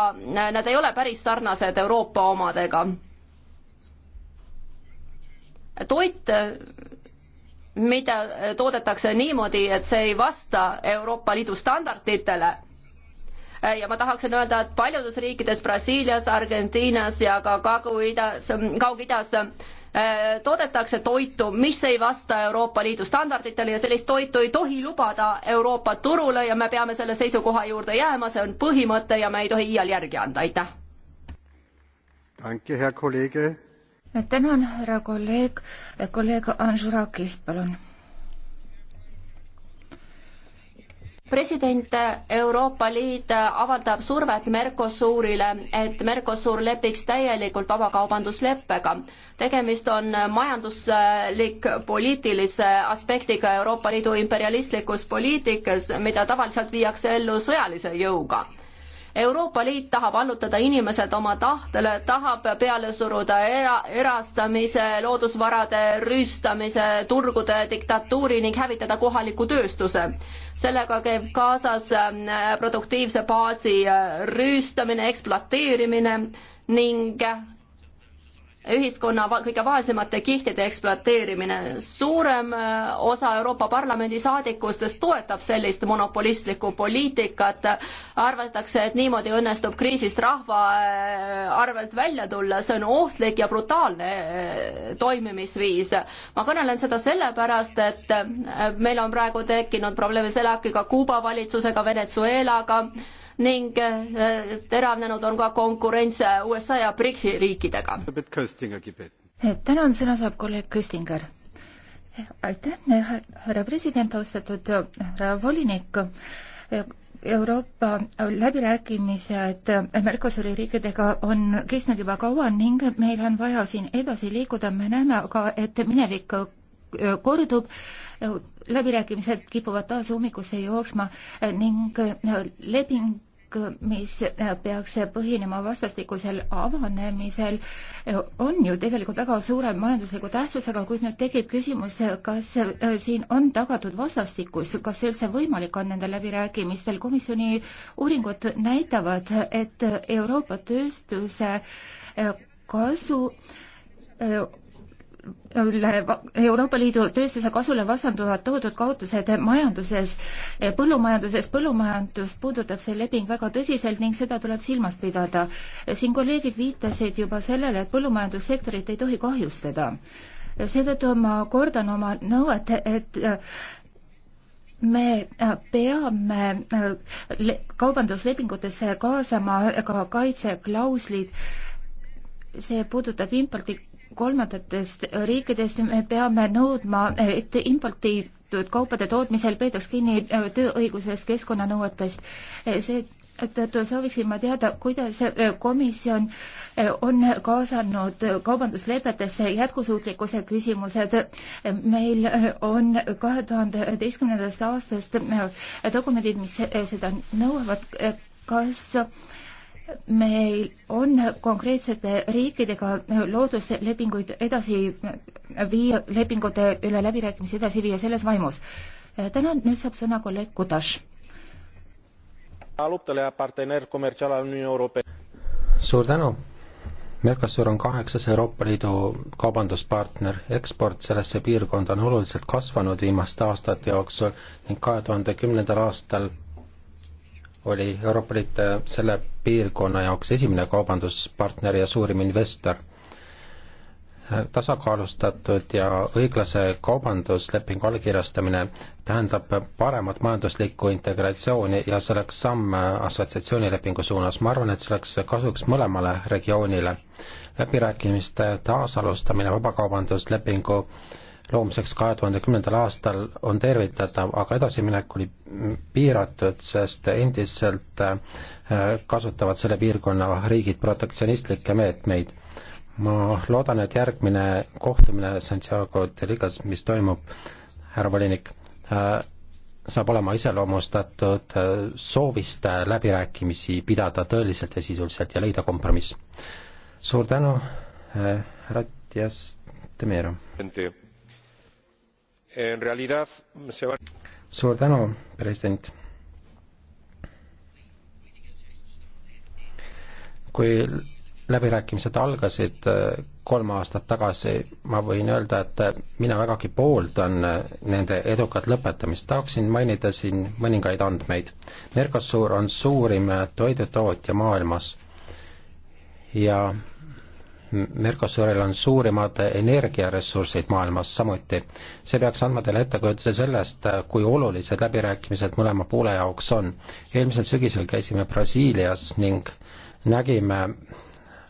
nad ei ole päris sarnased Euroopa omadega. toit, mida toodetakse niimoodi, et see ei vasta Euroopa Liidu standarditele. Äh, ja ma tahaksin öelda, et paljudes riikides Brasiilias, Argentiinas ja ka Kagu-Idas, Kaug-Idas äh, toodetakse toitu, mis ei vasta Euroopa Liidu standarditele ja sellist toitu ei tohi lubada Euroopa turule ja me peame selle seisukoha juurde jääma, see on põhimõte ja me ei tohi iial järgi anda, aitäh. Danke, Herr Kollege tänan, härra kolleeg, kolleeg Anžurakis, palun. president Euroopa Liit avaldab survet Mercosurile, et Mercosur lepiks täielikult vabakaubandusleppega. tegemist on majanduslik poliitilise aspektiga Euroopa Liidu imperialistlikus poliitikas, mida tavaliselt viiakse ellu sõjalise jõuga Euroopa Liit tahab allutada inimesed oma tahtele, tahab peale suruda era, erastamise, loodusvarade rüüstamise, turgude diktatuuri ning hävitada kohaliku tööstuse. sellega käib kaasas ähm, produktiivse baasi äh, rüüstamine, ekspluateerimine ning ühiskonna kõige vaesemate kihtide ekspluateerimine. suurem äh, osa Euroopa Parlamendi saadikustest toetab sellist monopolistlikku poliitikat. arvatakse, et niimoodi õnnestub kriisist rahva äh, arvelt välja tulla, see on ohtlik ja brutaalne äh, toimimisviis. ma kõnelen seda sellepärast, et meil on praegu tekkinud probleeme SELAC-iga, Kuuba valitsusega, Venezuelaga ning teravnenud on ka konkurents USA ja BRICS-i riikidega. Köstinger gebeten. tänan, sõna saab kolleeg Köstinger. aitäh, härra president, austatud härra volinik Euroopa läbirääkimised Mercosuri riikidega on kestnud juba kaua ning meil on vaja siin edasi liikuda, me näeme aga, et minevik kordub, läbirääkimised kipuvad taas ummikusse jooksma ning leping dialoog, mis äh, peaks põhinema vastastikusel avanemisel, äh, on ju tegelikult väga suure majandusliku tähtsusega, kuid nüüd tekib küsimus, kas äh, siin on tagatud vastastikus, kas see üldse võimalik on nendel läbirääkimistel, komisjoni uuringud näitavad, et Euroopa tööstuse kasu üle Euroopa Liidu tööstuse kasule vastanduvad tohutud kaotused majanduses, eh, põllumajanduses, põllumajandust puudutab see leping väga tõsiselt ning seda tuleb silmas pidada. Eh, siin kolleegid viitasid juba sellele, et põllumajandussektorit ei tohi kahjustada. Eh, seetõttu ma kordan oma nõuet, et me peame kaubanduslepingutesse kaasama ka kaitseklauslid, see puudutab importi kolmandatest riikidest me peame nõudma, et imporditud kaupade tootmisel peetaks kinni äh, tööõigusest, keskkonnanõuetest. Äh, see et sooviksin ma teada, kuidas äh, komisjon on kaasanud kaubanduslepetesse jätkusuutlikkuse küsimused. meil on kahe tuhande üheteistkümnendast aastast dokumendid, mis seda nõuavad. kas meil on konkreetsete riikidega looduslepinguid edasi viia, lepingute üle läbirääkimisi edasi viia selles vaimus. tänan, nüüd saab sõna kolleeg Kutas. suur tänu. Mercosur on kaheksas Euroopa Liidu kaubanduspartner, eksport sellesse piirkonda on oluliselt kasvanud viimaste aastate jooksul ning kahe tuhande kümnendal aastal oli Euroopa Liit äh, selle piirkonna jaoks esimene kaubanduspartner ja suurim investor. Äh, tasakaalustatud ja õiglase kaubanduslepingu allkirjastamine tähendab paremat majanduslikku integratsiooni ja see oleks samm äh, assotsiatsioonilepingu suunas. ma arvan, et see oleks kasuks mõlemale regioonile. läbirääkimiste taasalustamine vabakaubanduslepingu äh, loomiseks kahe tuhande kümnendal aastal on tervitatav, aga edasiminek oli piiratud, sest endiselt äh, kasutavad selle piirkonna riigid protektsionistlikke meetmeid. ma loodan, et järgmine kohtumine Santiago de Ligas, mis toimub, härra volinik, äh, saab olema iseloomustatud äh, soovist läbirääkimisi pidada tõeliselt ja sisuliselt ja leida kompromiss. suur tänu, härra Dias de Mero! en realidad se va... suur tänu, president. kui läbirääkimised algasid äh, kolm aastat tagasi, ma võin öelda, et äh, mina vägagi pooldan äh, nende edukat lõpetamist. tahaksin mainida siin mõningaid andmeid. Mercosur on suurim toidutootja maailmas ja Mercosuril on suurimad energiaressursid maailmas samuti. see peaks andma teile ettekujutuse sellest, kui olulised läbirääkimised mõlema poole jaoks on. eelmisel sügisel käisime Brasiilias ning nägime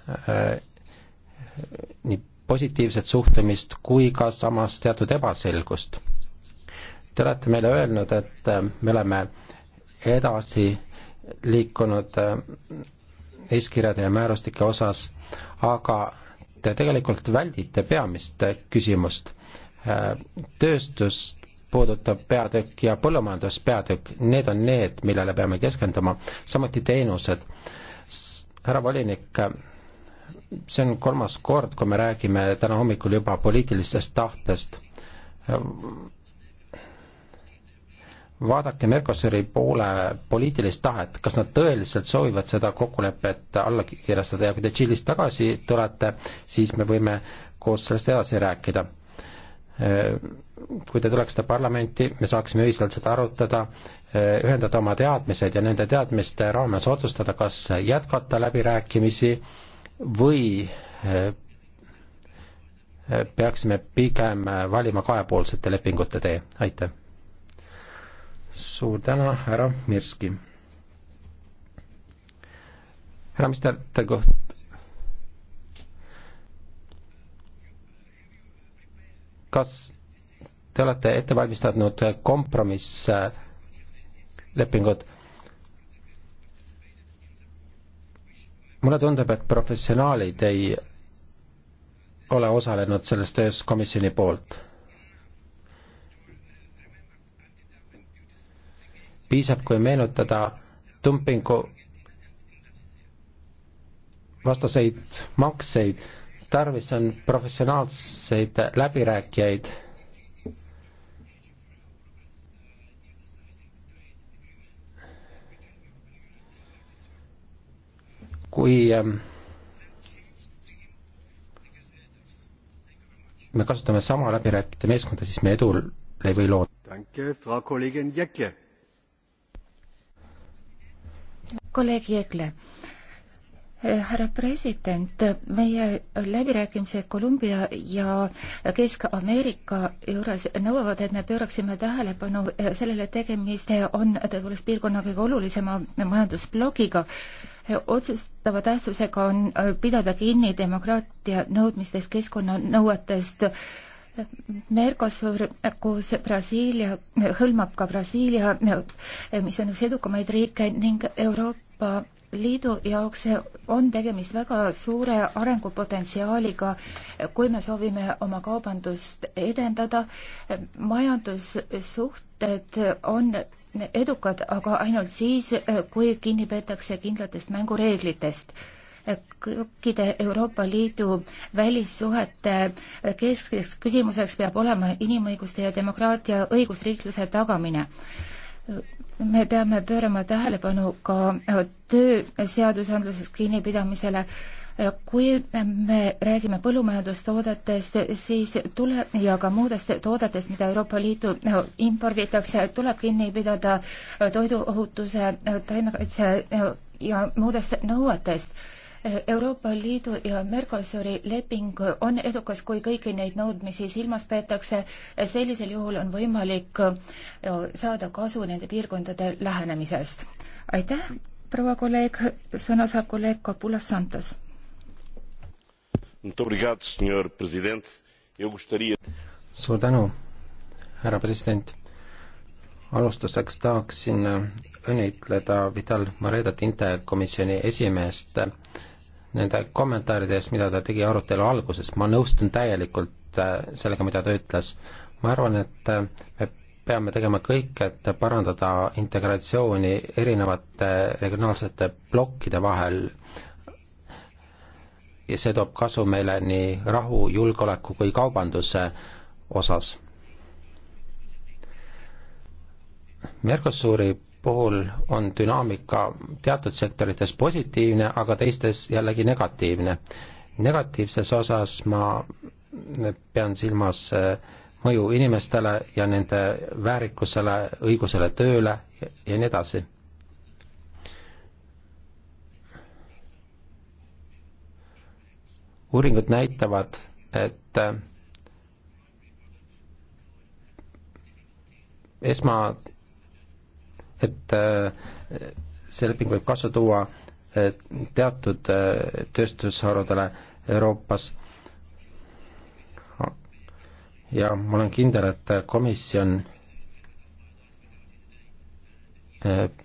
äh, nii positiivset suhtumist kui ka samas teatud ebaselgust. Te olete meile öelnud, et äh, me oleme edasi liikunud äh, eeskirjade ja määrustike osas aga te tegelikult väldite peamist küsimust. Äh, tööstust puudutav peatükk ja põllumajanduspeatükk, need on need, millele peame keskenduma, samuti teenused. härra volinik, äh, see on kolmas kord, kui me räägime täna hommikul juba poliitilistest tahtest äh, vaadake Mercosuri poole poliitilist tahet, kas nad tõeliselt soovivad seda kokkulepet alla kirjastada ja kui te Tšiilist tagasi tulete, siis me võime koos sellest edasi rääkida. Kui te tuleksite parlamenti, me saaksime ühiselt seda arutada, ühendada oma teadmised ja nende teadmiste raames otsustada, kas jätkata läbirääkimisi või peaksime pigem valima kahepoolsete lepingute tee, aitäh! suur tänu, härra Mirski. härra minister, teie koht. kas te olete ette valmistanud kompromisslepingut? mulle tundub, et professionaalid ei ole osalenud selles töös komisjoni poolt piisab, kui meenutada dumpingu vastaseid makseid, tarvis on professionaalseid läbirääkijaid. kui ähm, me kasutame sama läbirääkijate meeskonda, siis me edule ei või loota. kolleeg Jeegle eh, härra president, meie läbirääkimised Kolumbia ja Kesk-Ameerika juures nõuavad, et me pööraksime tähelepanu eh, sellele, et tegemist eh, on tõepoolest piirkonna kõige olulisema majandusplokiga. otsustava tähtsusega on pidada kinni demokraatia nõudmistest, keskkonnanõuetest, Mercosur koos Brasiilia, hõlmab ka Brasiilia, mis on üks edukamaid riike ning Euroopa Euroopa Liidu jaoks on tegemist väga suure arengupotentsiaaliga, kui me soovime oma kaubandust edendada. majandussuhted on edukad, aga ainult siis, kui kinni peetakse kindlatest mängureeglitest kõikide Euroopa Liidu välissuhete keskseks küsimuseks peab olema inimõiguste ja demokraatia õigusriikluse tagamine me peame pöörama tähelepanu ka äh, tööseadusandluses kinnipidamisele. Äh, kui me räägime põllumajandustoodetest, siis tuleb ja ka muudest toodetest, mida Euroopa Liidu äh, imporditakse, tuleb kinni pidada toiduohutuse, taimekaitse ja muudest nõuetest Euroopa Liidu ja Mercosuri leping on edukas, kui kõiki neid nõudmisi silmas peetakse. sellisel juhul on võimalik äh, saada kasu nende piirkondade lähenemisest. aitäh, proua kolleeg, sõna saab kolleeg Kapulas Santos. suur tänu, härra president alustuseks tahaksin õnnitleda Vital Maredat, Inte komisjoni esimeest, nende kommentaaride eest, mida ta tegi arutelu alguses, ma nõustun täielikult äh, sellega, mida ta ütles. ma arvan, et äh, me peame tegema kõik, et parandada integratsiooni erinevate regionaalsete plokkide vahel ja see toob kasu meile nii rahu, julgeoleku kui kaubanduse osas. Mercosuri puhul on dünaamika teatud sektorites positiivne, aga teistes jällegi negatiivne. negatiivses osas ma pean silmas eh, mõju inimestele ja nende väärikusele, õigusele tööle ja nii edasi. uuringud näitavad, et eh, esma- et äh, see leping võib kasu tuua äh, teatud äh, tööstusharudele Euroopas ja ma olen kindel, et komisjon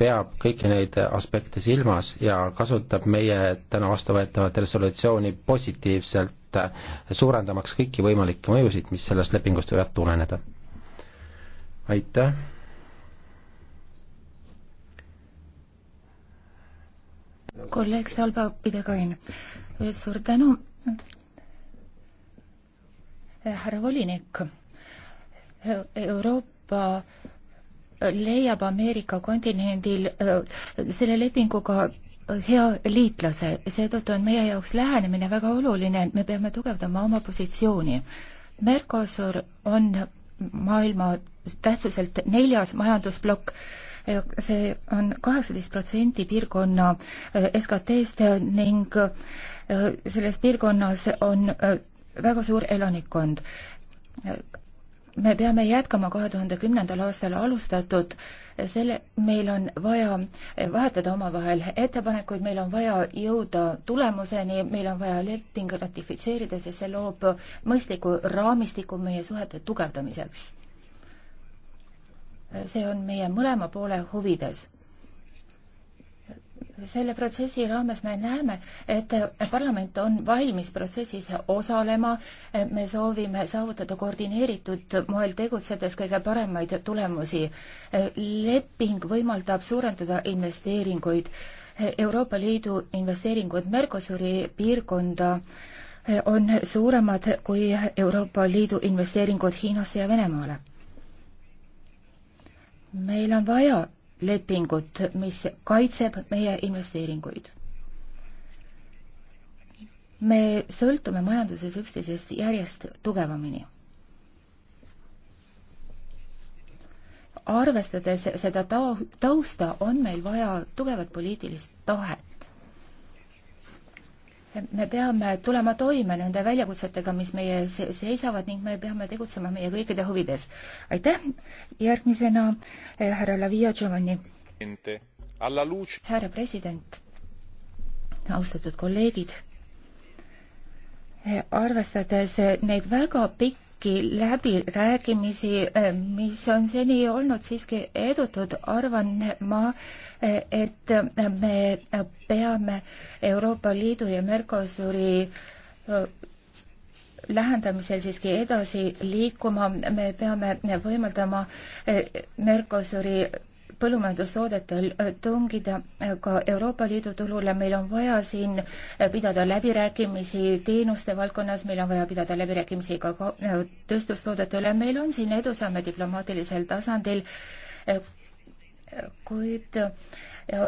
peab kõiki neid aspekte silmas ja kasutab meie täna vastuvõetavat resolutsiooni positiivselt, suurendamaks kõiki võimalikke mõjusid, mis sellest lepingust võivad tuleneda. aitäh! kolleeg Salba Pidekain, suur tänu. härra volinik, Euroopa leiab Ameerika kontinendil äh, selle lepinguga hea liitlase, seetõttu on meie jaoks lähenemine väga oluline, et me peame tugevdama oma positsiooni. Mercosur on maailma tähtsuselt neljas majandusplokk see on kaheksateist protsenti piirkonna äh, SKT-st ning äh, selles piirkonnas on äh, väga suur elanikkond. me peame jätkama kahe tuhande kümnendal aastal alustatud selle, meil on vaja vahetada omavahel ettepanekuid, meil on vaja jõuda tulemuseni, meil on vaja leping ratifitseerida, sest see loob mõistliku raamistiku meie suhete tugevdamiseks see on meie mõlema poole huvides. selle protsessi raames me näeme, et parlament on valmis protsessis osalema, me soovime saavutada koordineeritud moel tegutsedes kõige paremaid tulemusi. leping võimaldab suurendada investeeringuid. Euroopa Liidu investeeringud Mercosuri piirkonda on suuremad kui Euroopa Liidu investeeringud Hiinasse ja Venemaale meil on vaja lepingut, mis kaitseb meie investeeringuid. me sõltume majanduses üksteisest järjest tugevamini. arvestades seda tausta, on meil vaja tugevat poliitilist tahet me peame tulema toime nende väljakutsetega, mis meie seisavad ning me peame tegutsema meie kõikide huvides. aitäh, järgmisena eh, härra Lavia Giovanni. härra president, austatud kolleegid, eh, arvestades eh, neid väga pikki kõiki läbirääkimisi, mis on seni olnud siiski edutud, arvan ma, et me peame Euroopa Liidu ja Mercosuri lähendamisel siiski edasi liikuma, me peame võimaldama Mercosuri põllumajandustoodetel äh, tungida äh, ka Euroopa Liidu turule, meil on vaja siin äh, pidada läbirääkimisi teenuste valdkonnas, meil on vaja pidada läbirääkimisi ka tööstustoodete üle, meil on siin edusamme diplomaatilisel tasandil, kuid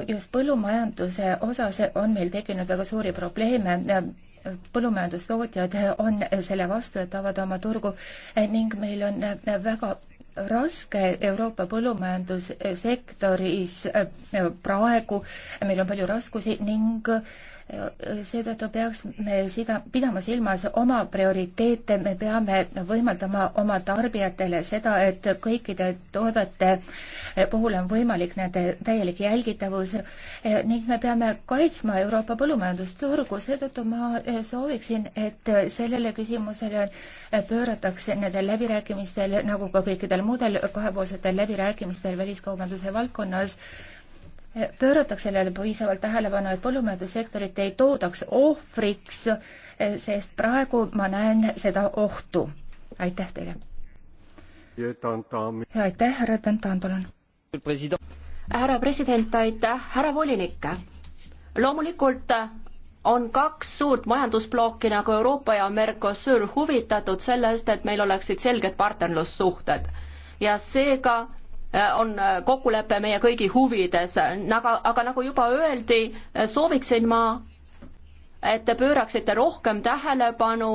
just põllumajanduse osas on meil tekkinud väga suuri probleeme põllumajandustootjad on selle vastu, et avada oma turgu ning meil on väga raske Euroopa põllumajandussektoris äh, praegu, meil on palju raskusi ning äh, seetõttu peaks me sida, pidama silmas oma prioriteete, me peame võimaldama oma tarbijatele seda, et kõikide toodete puhul on võimalik nende täielik jälgitavus eh, ning me peame kaitsma Euroopa põllumajandusturgu, seetõttu ma eh, sooviksin, et sellele küsimusele eh, pööratakse nendel läbirääkimistel, nagu ka kõikidel muudel kahepoolsetel läbirääkimistel väliskaubanduse valdkonnas, pöörataks sellele piisavalt tähelepanu, et põllumajandussektorit ei toodaks ohvriks, sest praegu ma näen seda ohtu. aitäh teile! ja aitäh, härra Tantan, palun! härra president, aitäh, härra volinik! loomulikult on kaks suurt majandusplokki nagu Euroopa ja Mercosur huvitatud sellest, et meil oleksid selged partnerlussuhted ja seega Äh, on äh, kokkulepe meie kõigi huvides, aga, nagu, aga nagu juba öeldi, äh, sooviksin ma, et te pööraksite rohkem tähelepanu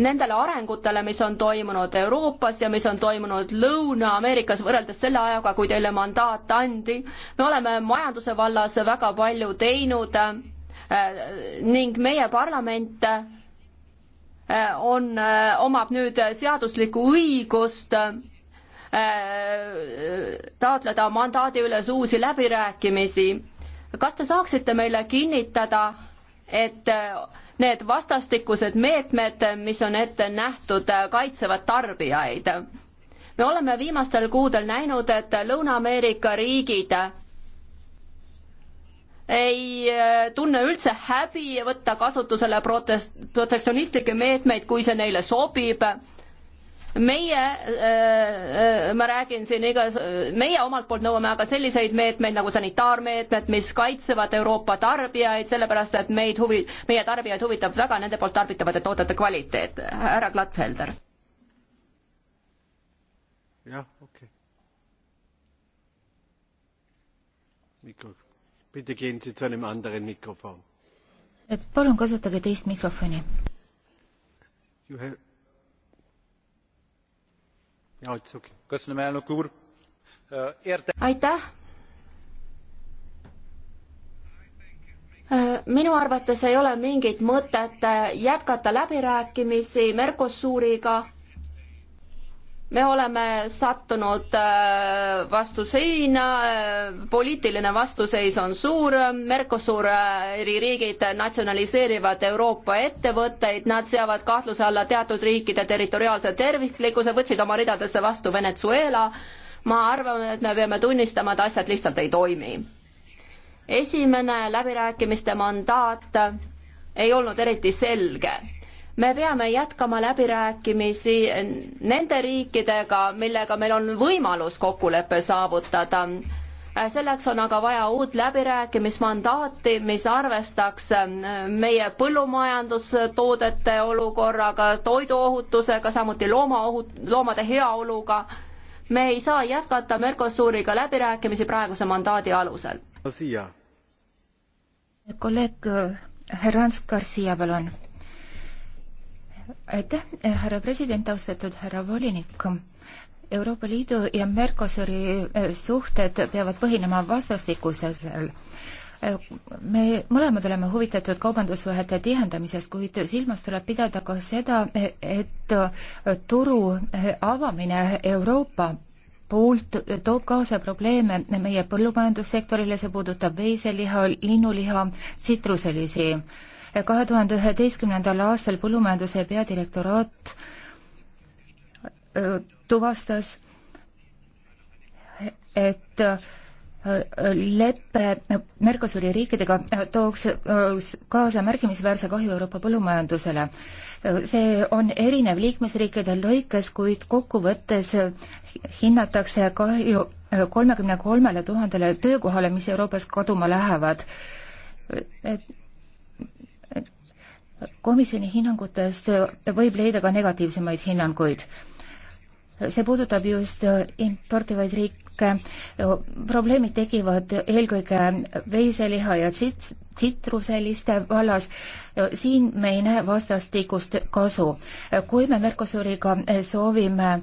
nendele arengutele, mis on toimunud Euroopas ja mis on toimunud Lõuna-Ameerikas võrreldes selle ajaga, kui teile mandaat andi. me oleme majanduse vallas väga palju teinud ning meie parlament on, omab nüüd seaduslikku õigust Äh, taotleda mandaadi üles uusi läbirääkimisi. kas te saaksite meile kinnitada, et äh, need vastastikused meetmed, mis on ette nähtud, äh, kaitsevad tarbijaid? me oleme viimastel kuudel näinud, et Lõuna-Ameerika riigid ei tunne üldse häbi võtta kasutusele protest-, protektsionistlikke meetmeid, kui see neile sobib meie äh, äh,, ma räägin siin igas, meie omalt poolt nõuame aga selliseid meetmeid nagu sanitaarmeetmed, mis kaitsevad Euroopa tarbijaid, sellepärast et meid huvi, meie tarbijaid huvitab väga nende poolt tarbitavate toodete kvaliteet. härra Glatfelder. jah, okei okay.. Mikro, bitte gehen Sie zu einem anderen Mikrofon. palun kasutage teist mikrofoni. You have Äh, aitäh! Äh, minu arvates ei ole mingit mõtet äh, jätkata läbirääkimisi Mercosuriga me oleme sattunud äh, vastu seina, äh, poliitiline vastuseis on suur, Mercosuri äh, riigid natsionaliseerivad Euroopa ettevõtteid, nad seavad kahtluse alla teatud riikide territoriaalse terviklikkuse, võtsid oma ridadesse vastu Venezuela, ma arvan, et me peame tunnistama, et asjad lihtsalt ei toimi. esimene läbirääkimiste mandaat ei olnud eriti selge me peame jätkama läbirääkimisi nende riikidega, millega meil on võimalus kokkulepe saavutada. Äh, selleks on aga vaja uut läbirääkimismandaati, mis arvestaks äh, meie põllumajandustoodete olukorraga, toiduohutusega, samuti loomaohut-, loomade heaoluga. me ei saa jätkata Mercosuriga läbirääkimisi praeguse mandaadi alusel. kolleeg äh, Herrans Garcia, palun aitäh, härra president, austatud härra volinik. Euroopa Liidu ja Mercosuri eh, suhted peavad põhinema vastastikusel me mõlemad oleme huvitatud kaubandussuhete tihendamisest, kuid silmas tuleb pidada ka seda, et turu eh, avamine Euroopa poolt toob kaasa probleeme meie põllumajandussektorile, see puudutab veiseliha, linnuliha, tsitruselisi kahe tuhande üheteistkümnendal aastal Põllumajanduse peadirektoraat äh, tuvastas, et äh, leppe Mercosuri riikidega äh, tooks kaasa märkimisväärse kahju Euroopa põllumajandusele. see on erinev liikmesriikide lõikes, kuid kokkuvõttes hinnatakse kahju kolmekümne kolmele tuhandele töökohale, mis Euroopas kaduma lähevad. et komisjoni hinnangutest võib leida ka negatiivsemaid hinnanguid. see puudutab just importivaid riike. probleemid tekivad eelkõige veiseliha ja tsits-, tsitruseliste vallas. siin me ei näe vastastikust kasu. kui me Mercosuriga eh, soovime eh,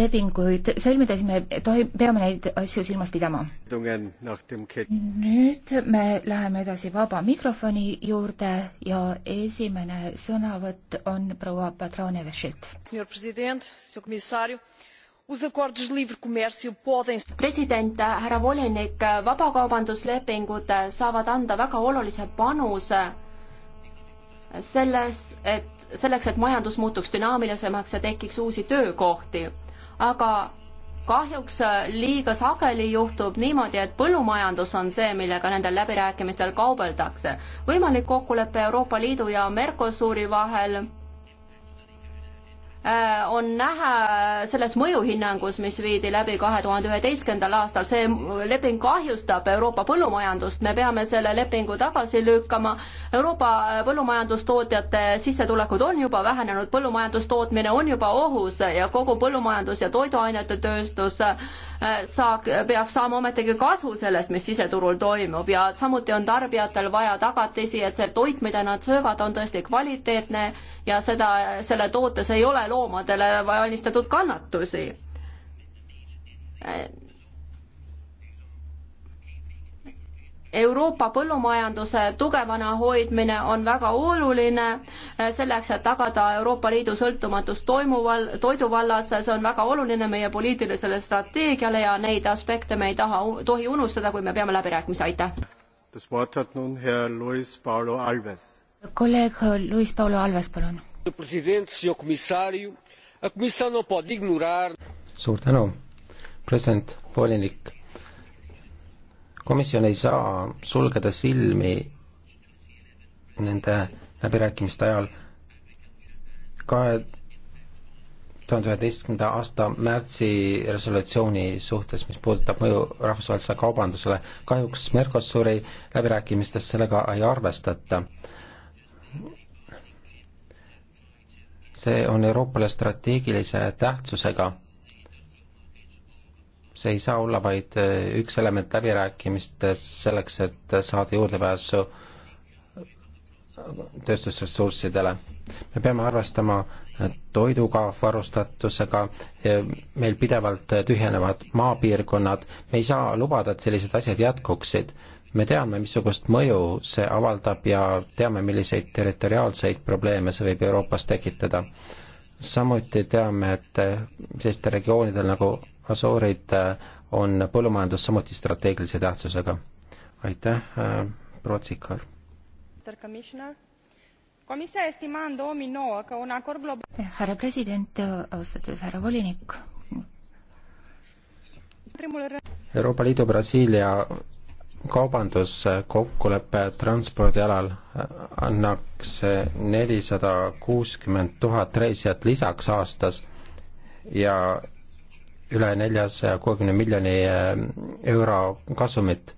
lepinguid sõlmida, siis me tohi-, peame neid asju silmas pidama. nüüd me läheme edasi vaba mikrofoni juurde ja esimene sõnavõtt on proua Patrone Vešilt president, eh, härra volinik, eh, vabakaubanduslepingud eh, saavad anda väga olulise panuse selles, et selleks, et majandus muutuks dünaamilisemaks ja tekiks uusi töökohti. aga kahjuks liiga sageli juhtub niimoodi, et põllumajandus on see, millega nendel läbirääkimistel kaubeldakse. võimalik kokkulepe Euroopa Liidu ja Mercosuri vahel Äh, on näha selles mõjuhinnangus, mis viidi läbi kahe tuhande üheteistkümnendal aastal, see leping kahjustab Euroopa põllumajandust, me peame selle lepingu tagasi lükkama. Euroopa põllumajandustootjate sissetulekud on juba vähenenud, põllumajandustootmine on juba ohus ja kogu põllumajandus ja toiduainete tööstus äh, Äh, saak-, peab saama ometigi kasu sellest, mis siseturul toimub ja samuti on tarbijatel vaja tagatisi, et see toit, mida nad söövad, on tõesti kvaliteetne ja seda, selle tootes ei ole loomadele valmistatud kannatusi äh, Euroopa põllumajanduse tugevana hoidmine on väga oluline eh, selleks, et tagada Euroopa Liidu sõltumatus toimuval, toiduvallas, see on väga oluline meie poliitilisele strateegiale ja neid aspekte me ei taha, tohi unustada, kui me peame läbirääkimisi, aitäh. kolleeg Luis Paulo Alves, palun. suur tänu, president, volinik komisjon ei saa sulgeda silmi nende läbirääkimiste ajal kahe tuhande üheteistkümnenda aasta märtsi resolutsiooni suhtes, mis puudutab mõju rahvusvahelisele kaubandusele. kahjuks Mercosuri läbirääkimistes sellega ei arvestata. see on Euroopale strateegilise tähtsusega see ei saa olla vaid eh, üks element läbirääkimistes selleks, et saada juurdepääsu eh, tööstusressurssidele. me peame arvestama eh, toiduga, varustatusega, meil pidevalt tühjenevad maapiirkonnad, me ei saa lubada, et sellised asjad jätkuksid. me teame, missugust mõju see avaldab ja teame, milliseid territoriaalseid probleeme see võib Euroopas tekitada. samuti teame, et selliste regioonidel nagu Asoorid äh, on põllumajandus samuti strateegilise tähtsusega. aitäh, äh, proua Tsikar. härra president, austatud härra volinik. Euroopa Liidu Brasiilia kaubanduskokkulepe transpordi alal äh, annaks nelisada kuuskümmend tuhat reisijat lisaks aastas ja üle neljasaja kuuekümne miljoni eh, euro kasumit.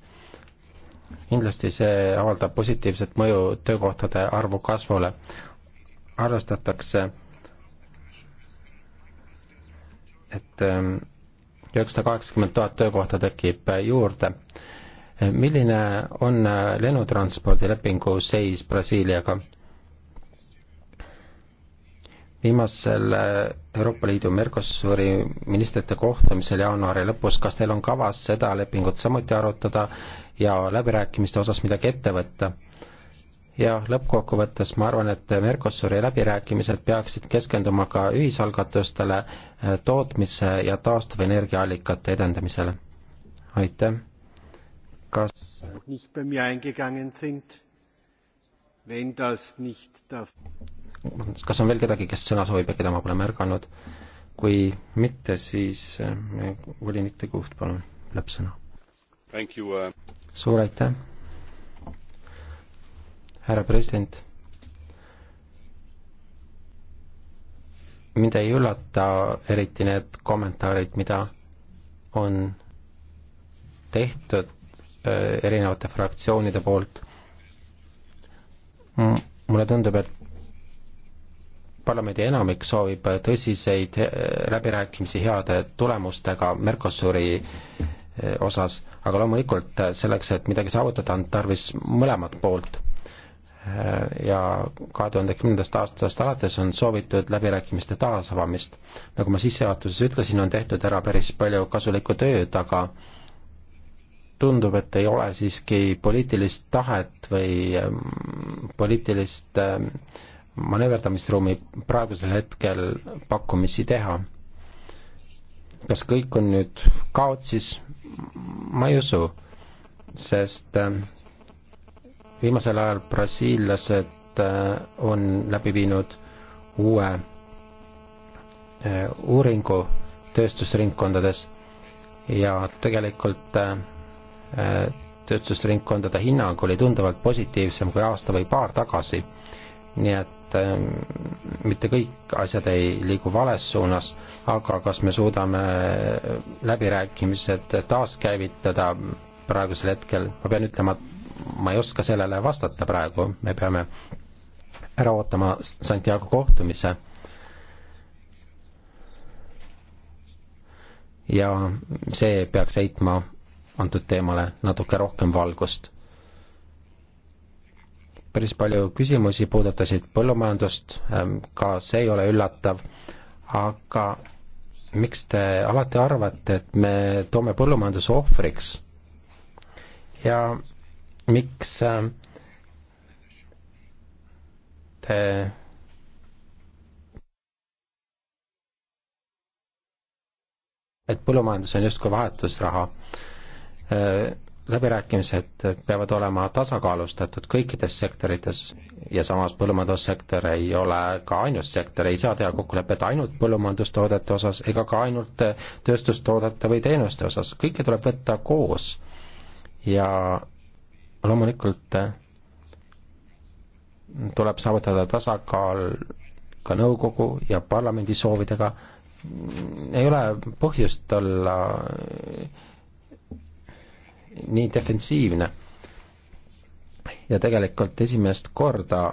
kindlasti see avaldab positiivset mõju töökohtade arvu kasvule. arvestatakse, et eh, üheksasada kaheksakümmend tuhat töökohta tekib eh, juurde. milline on lennutranspordilepingu seis Brasiiliaga? viimasel eh, Euroopa Liidu Mercosuri ministrite kohtumisel jaanuari lõpus, kas teil on kavas seda lepingut samuti arutada ja läbirääkimiste osas midagi ette võtta? ja lõppkokkuvõttes ma arvan, et Mercosuri läbirääkimised peaksid keskenduma ka ühisalgatustele, eh, tootmise ja taastuvenergiaallikate edendamisele. aitäh. kas kas on veel kedagi, kes sõna soovib ja keda ma pole märganud? kui mitte, siis äh, volinik De Gucht, palun, lõppsõna. Äh. suur aitäh, härra president. mind ei üllata eriti need kommentaarid, mida on tehtud äh, erinevate fraktsioonide poolt. mulle tundub, et parlamendi enamik soovib tõsiseid eh, läbirääkimisi heade tulemustega Mercosuri eh, osas, aga loomulikult eh, selleks, et midagi saavutada, on tarvis mõlemat poolt. ja kahe tuhande kümnendast aastast alates on soovitud läbirääkimiste taasavamist. nagu ma sissejuhatuses ütlesin, on tehtud ära päris palju kasulikku tööd, aga tundub, et ei ole siiski poliitilist tahet või poliitilist äh, manööverdamisruumi praegusel hetkel pakkumisi teha. kas kõik on nüüd kaotsis? ma ei usu, sest äh, viimasel ajal brasiillased äh, on läbi viinud uue äh, uuringu tööstusringkondades ja tegelikult tööstusringkondade hinnang oli tunduvalt positiivsem kui aasta või paar tagasi. nii et et ähm, mitte kõik asjad ei liigu vales suunas, aga kas me suudame äh, läbirääkimised taaskäivitada praegusel hetkel, ma pean ütlema, et ma ei oska sellele vastata praegu, me peame ära ootama Santiago kohtumise. ja see peaks heitma antud teemale natuke rohkem valgust päris palju küsimusi puudutasid põllumajandust, ähm, ka see ei ole üllatav, aga miks te alati arvate, et me toome põllumajanduse ohvriks? ja miks ähm, te et põllumajandus on justkui vahetusraha äh, läbirääkimised peavad olema tasakaalustatud kõikides sektorites ja samas põllumajandussektor ei ole ka ainus sektor, ei saa teha kokkulepet ainult põllumajandustoodete osas ega ka ainult tööstustoodete või teenuste osas, kõike tuleb võtta koos. ja loomulikult tuleb saavutada tasakaal ka nõukogu ja parlamendi soovidega, ei ole põhjust olla nii defensiivne. ja tegelikult esimest korda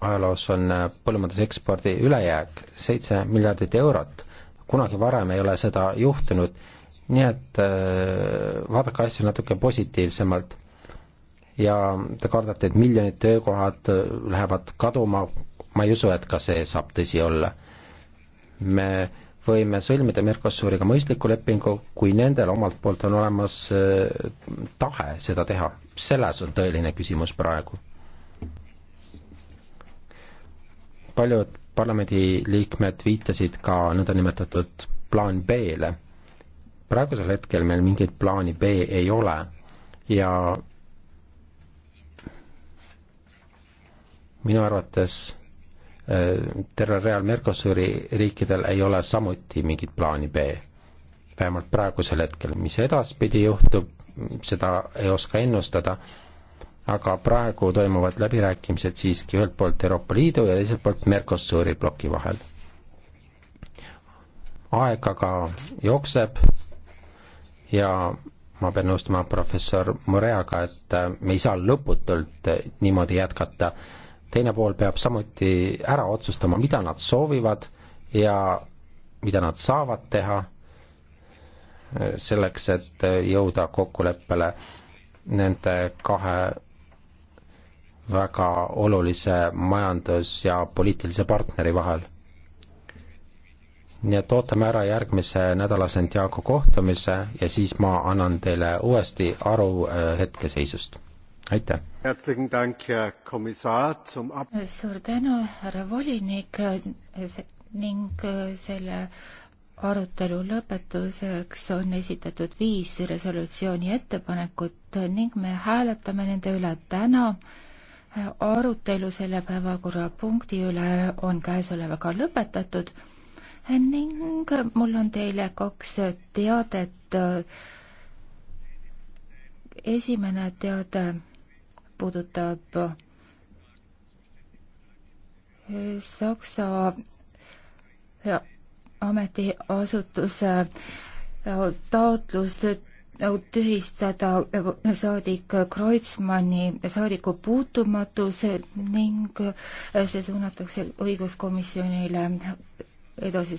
ajaloos on põllumajandusekspordi ülejääk seitse miljardit eurot. kunagi varem ei ole seda juhtunud, nii et äh, vaadake asju natuke positiivsemalt. ja te kardate, et miljonid töökohad äh, lähevad kaduma, ma ei usu, et ka see saab tõsi olla. me võime sõlmida Mercosuriga mõistliku lepingu, kui nendel omalt poolt on olemas äh, tahe seda teha. selles on tõeline küsimus praegu. paljud parlamendiliikmed viitasid ka nõndanimetatud plaan B-le. praegusel hetkel meil mingit plaani B ei ole ja minu arvates Äh, tervel real Mercosuri riikidel ei ole samuti mingit plaani B. vähemalt praegusel hetkel, mis edaspidi juhtub, seda ei oska ennustada, aga praegu toimuvad läbirääkimised siiski ühelt poolt Euroopa Liidu ja teiselt poolt Mercosuri ploki vahel. aeg aga jookseb ja ma pean nõustuma professor Mureaga, et me ei saa lõputult niimoodi jätkata teine pool peab samuti ära otsustama, mida nad soovivad ja mida nad saavad teha äh, selleks, et äh, jõuda kokkuleppele nende kahe väga olulise majandus- ja poliitilise partneri vahel. nii et ootame ära järgmise nädala Santiago kohtumise ja siis ma annan teile uuesti aru äh, hetkeseisust aitäh! suur tänu, härra volinik ning äh, selle arutelu lõpetuseks on esitatud viis resolutsiooni ettepanekut ning me hääletame nende üle täna. arutelu selle päevakorrapunkti üle on käesolevaga lõpetatud ning mul on teile kaks teadet. esimene teade puudutab eh, Saksa eh, ametiasutuse eh, taotlust tühistada saadik Kreutzmanni saadiku puutumatus ning see suunatakse õiguskomisjonile edasise